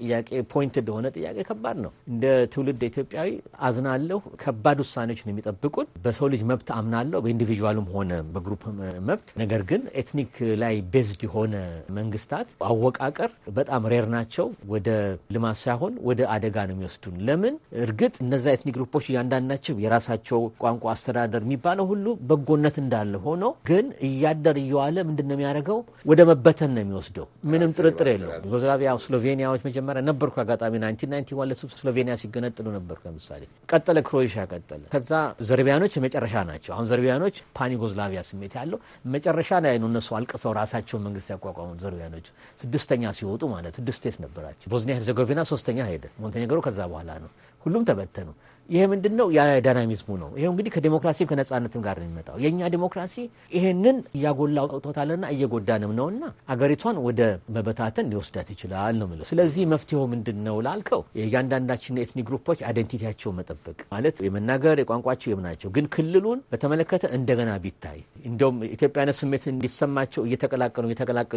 ጥያቄ ፖይንት እንደሆነ ጥያቄ ከባድ ነው። እንደ ትውልድ ኢትዮጵያዊ አዝናለሁ። ከባድ ውሳኔዎች ነው የሚጠብቁን። በሰው ልጅ መብት አምናለሁ፣ በኢንዲቪዥዋልም ሆነ በግሩፕ መብት። ነገር ግን ኤትኒክ ላይ ቤዝድ የሆነ መንግስታት አወቃቀር በጣም ሬር ናቸው። ወደ ልማት ሳይሆን ወደ አደጋ ነው የሚወስዱን። ለምን? እርግጥ እነዛ ኤትኒክ ግሩፖች ናቸው የራሳቸው ቋንቋ፣ አስተዳደር የሚባለው ሁሉ በጎነት እንዳለ ሆኖ ግን እያደር እየዋለ ምንድን ነው የሚያደርገው ወደ መበተን ነው የሚወስደው። ምንም ጥርጥር የለው ዩጎዝላቪያ ስሎቬኒያዎች መጀመሪያ ነበርኩ አጋጣሚ 1991 ለሱ ስሎቬኒያ ሲገነጥሉ ነበርኩ። ለምሳሌ ቀጠለ፣ ክሮኤሽያ ቀጠለ። ከዛ ዘርቢያኖች የመጨረሻ ናቸው። አሁን ዘርቢያኖች ፓን ዩጎዝላቪያ ስሜት ያለው መጨረሻ ላይ ነው። እነሱ አልቅሰው ራሳቸውን መንግስት ያቋቋሙት ዘርቢያኖች ስድስተኛ ሲወጡ ማለት ስድስት ስቴት ነበራቸው። ቦዝኒያ ሄርዘጎቪና ሶስተኛ ሄደ፣ ሞንቴኔግሮ ከዛ በኋላ ነው። ሁሉም ተበተኑ። ይሄ ምንድን ነው? የዳይናሚዝሙ ነው። ይሄ እንግዲህ ከዴሞክራሲም ከነጻነትም ጋር ነው የሚመጣው። የእኛ ዴሞክራሲ ይሄንን እያጎላ አውጥቶታልና እየጎዳንም ነውና አገሪቷን ወደ መበታተን ሊወስዳት ይችላል ነው የምለው። ስለዚህ መፍትሄው ምንድን ነው ላልከው የእያንዳንዳችን ኤትኒክ ግሩፖች አይደንቲቲያቸው መጠበቅ ማለት የመናገር የቋንቋቸው የምናቸው፣ ግን ክልሉን በተመለከተ እንደገና ቢታይ እንደውም ኢትዮጵያነት ስሜት እንዲሰማቸው እየተቀላቀሉ እየተቀላቀሉ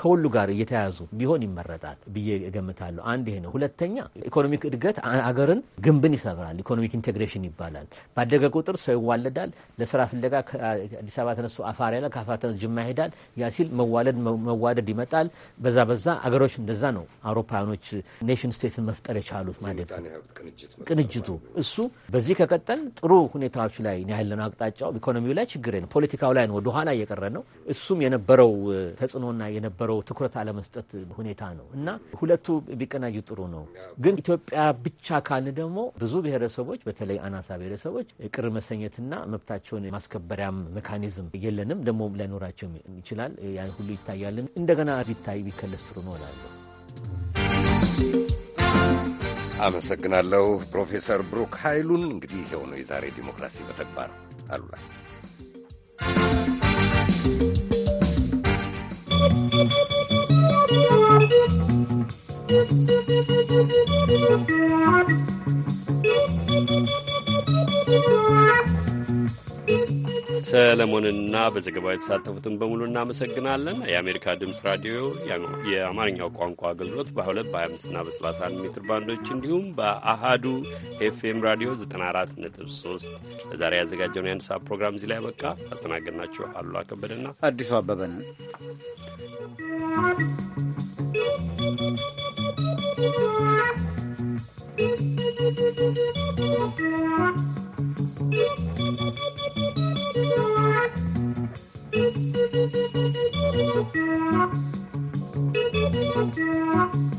ከሁሉ ጋር እየተያዙ ቢሆን ይመረጣል ብዬ እገምታለሁ። አንድ ይሄ ነው። ሁለተኛ ኢኮኖሚክ እድገት አገርን ግንብን ይሰብራል። ኢኮኖሚክ ኢንቴግሬሽን ይባላል። ባደገ ቁጥር ሰው ይዋለዳል። ለስራ ፍለጋ ከአዲስ አበባ ተነሱ አፋር ያለ ከአፋር ተነሱ ጅማ ይሄዳል። ያ ሲል መዋለድ መዋደድ ይመጣል። በዛ በዛ አገሮች እንደዛ ነው አውሮፓውያኖች ኔሽን ስቴትን መፍጠር የቻሉት ማለት ነው። ቅንጅቱ እሱ በዚህ ከቀጠል ጥሩ ሁኔታዎች ላይ ያለ ነው። አቅጣጫው ኢኮኖሚው ላይ ችግር ነው። ፖለቲካው ላይ ነው ወደኋላ እየቀረ ነው። እሱም የነበረው ተጽዕኖና የነበረው ትኩረት አለመስጠት ሁኔታ ነው እና ሁለቱ ቢቀናጁ ጥሩ ነው። ግን ኢትዮጵያ ብቻ ካልን ደግሞ ብዙ ብሔረሰብ ብሔረሰቦች በተለይ አናሳ ብሔረሰቦች ቅር መሰኘትና መብታቸውን ማስከበሪያም ሜካኒዝም የለንም። ደግሞ ላይኖራቸው ይችላል። ያን ሁሉ ይታያልን። እንደገና ቢታይ ቢከለስ ጥሩ ነው እላለሁ። አመሰግናለሁ ፕሮፌሰር ብሩክ ኃይሉን። እንግዲህ ይኸው ነው የዛሬ ዲሞክራሲ በተግባር አሉላ Thank you. ሰለሞንና በዘገባው የተሳተፉትን በሙሉ እናመሰግናለን። የአሜሪካ ድምፅ ራዲዮ የአማርኛው ቋንቋ አገልግሎት በ2 በ25ና በ31 ሜትር ባንዶች እንዲሁም በአሃዱ ኤፍኤም ራዲዮ 94.3 ለዛሬ ያዘጋጀውን የአንድ ሰዓት ፕሮግራም እዚህ ላይ በቃ አስተናገድናችሁ አሉላ ከበደና አዲሱ አበበ ነን። Thank you.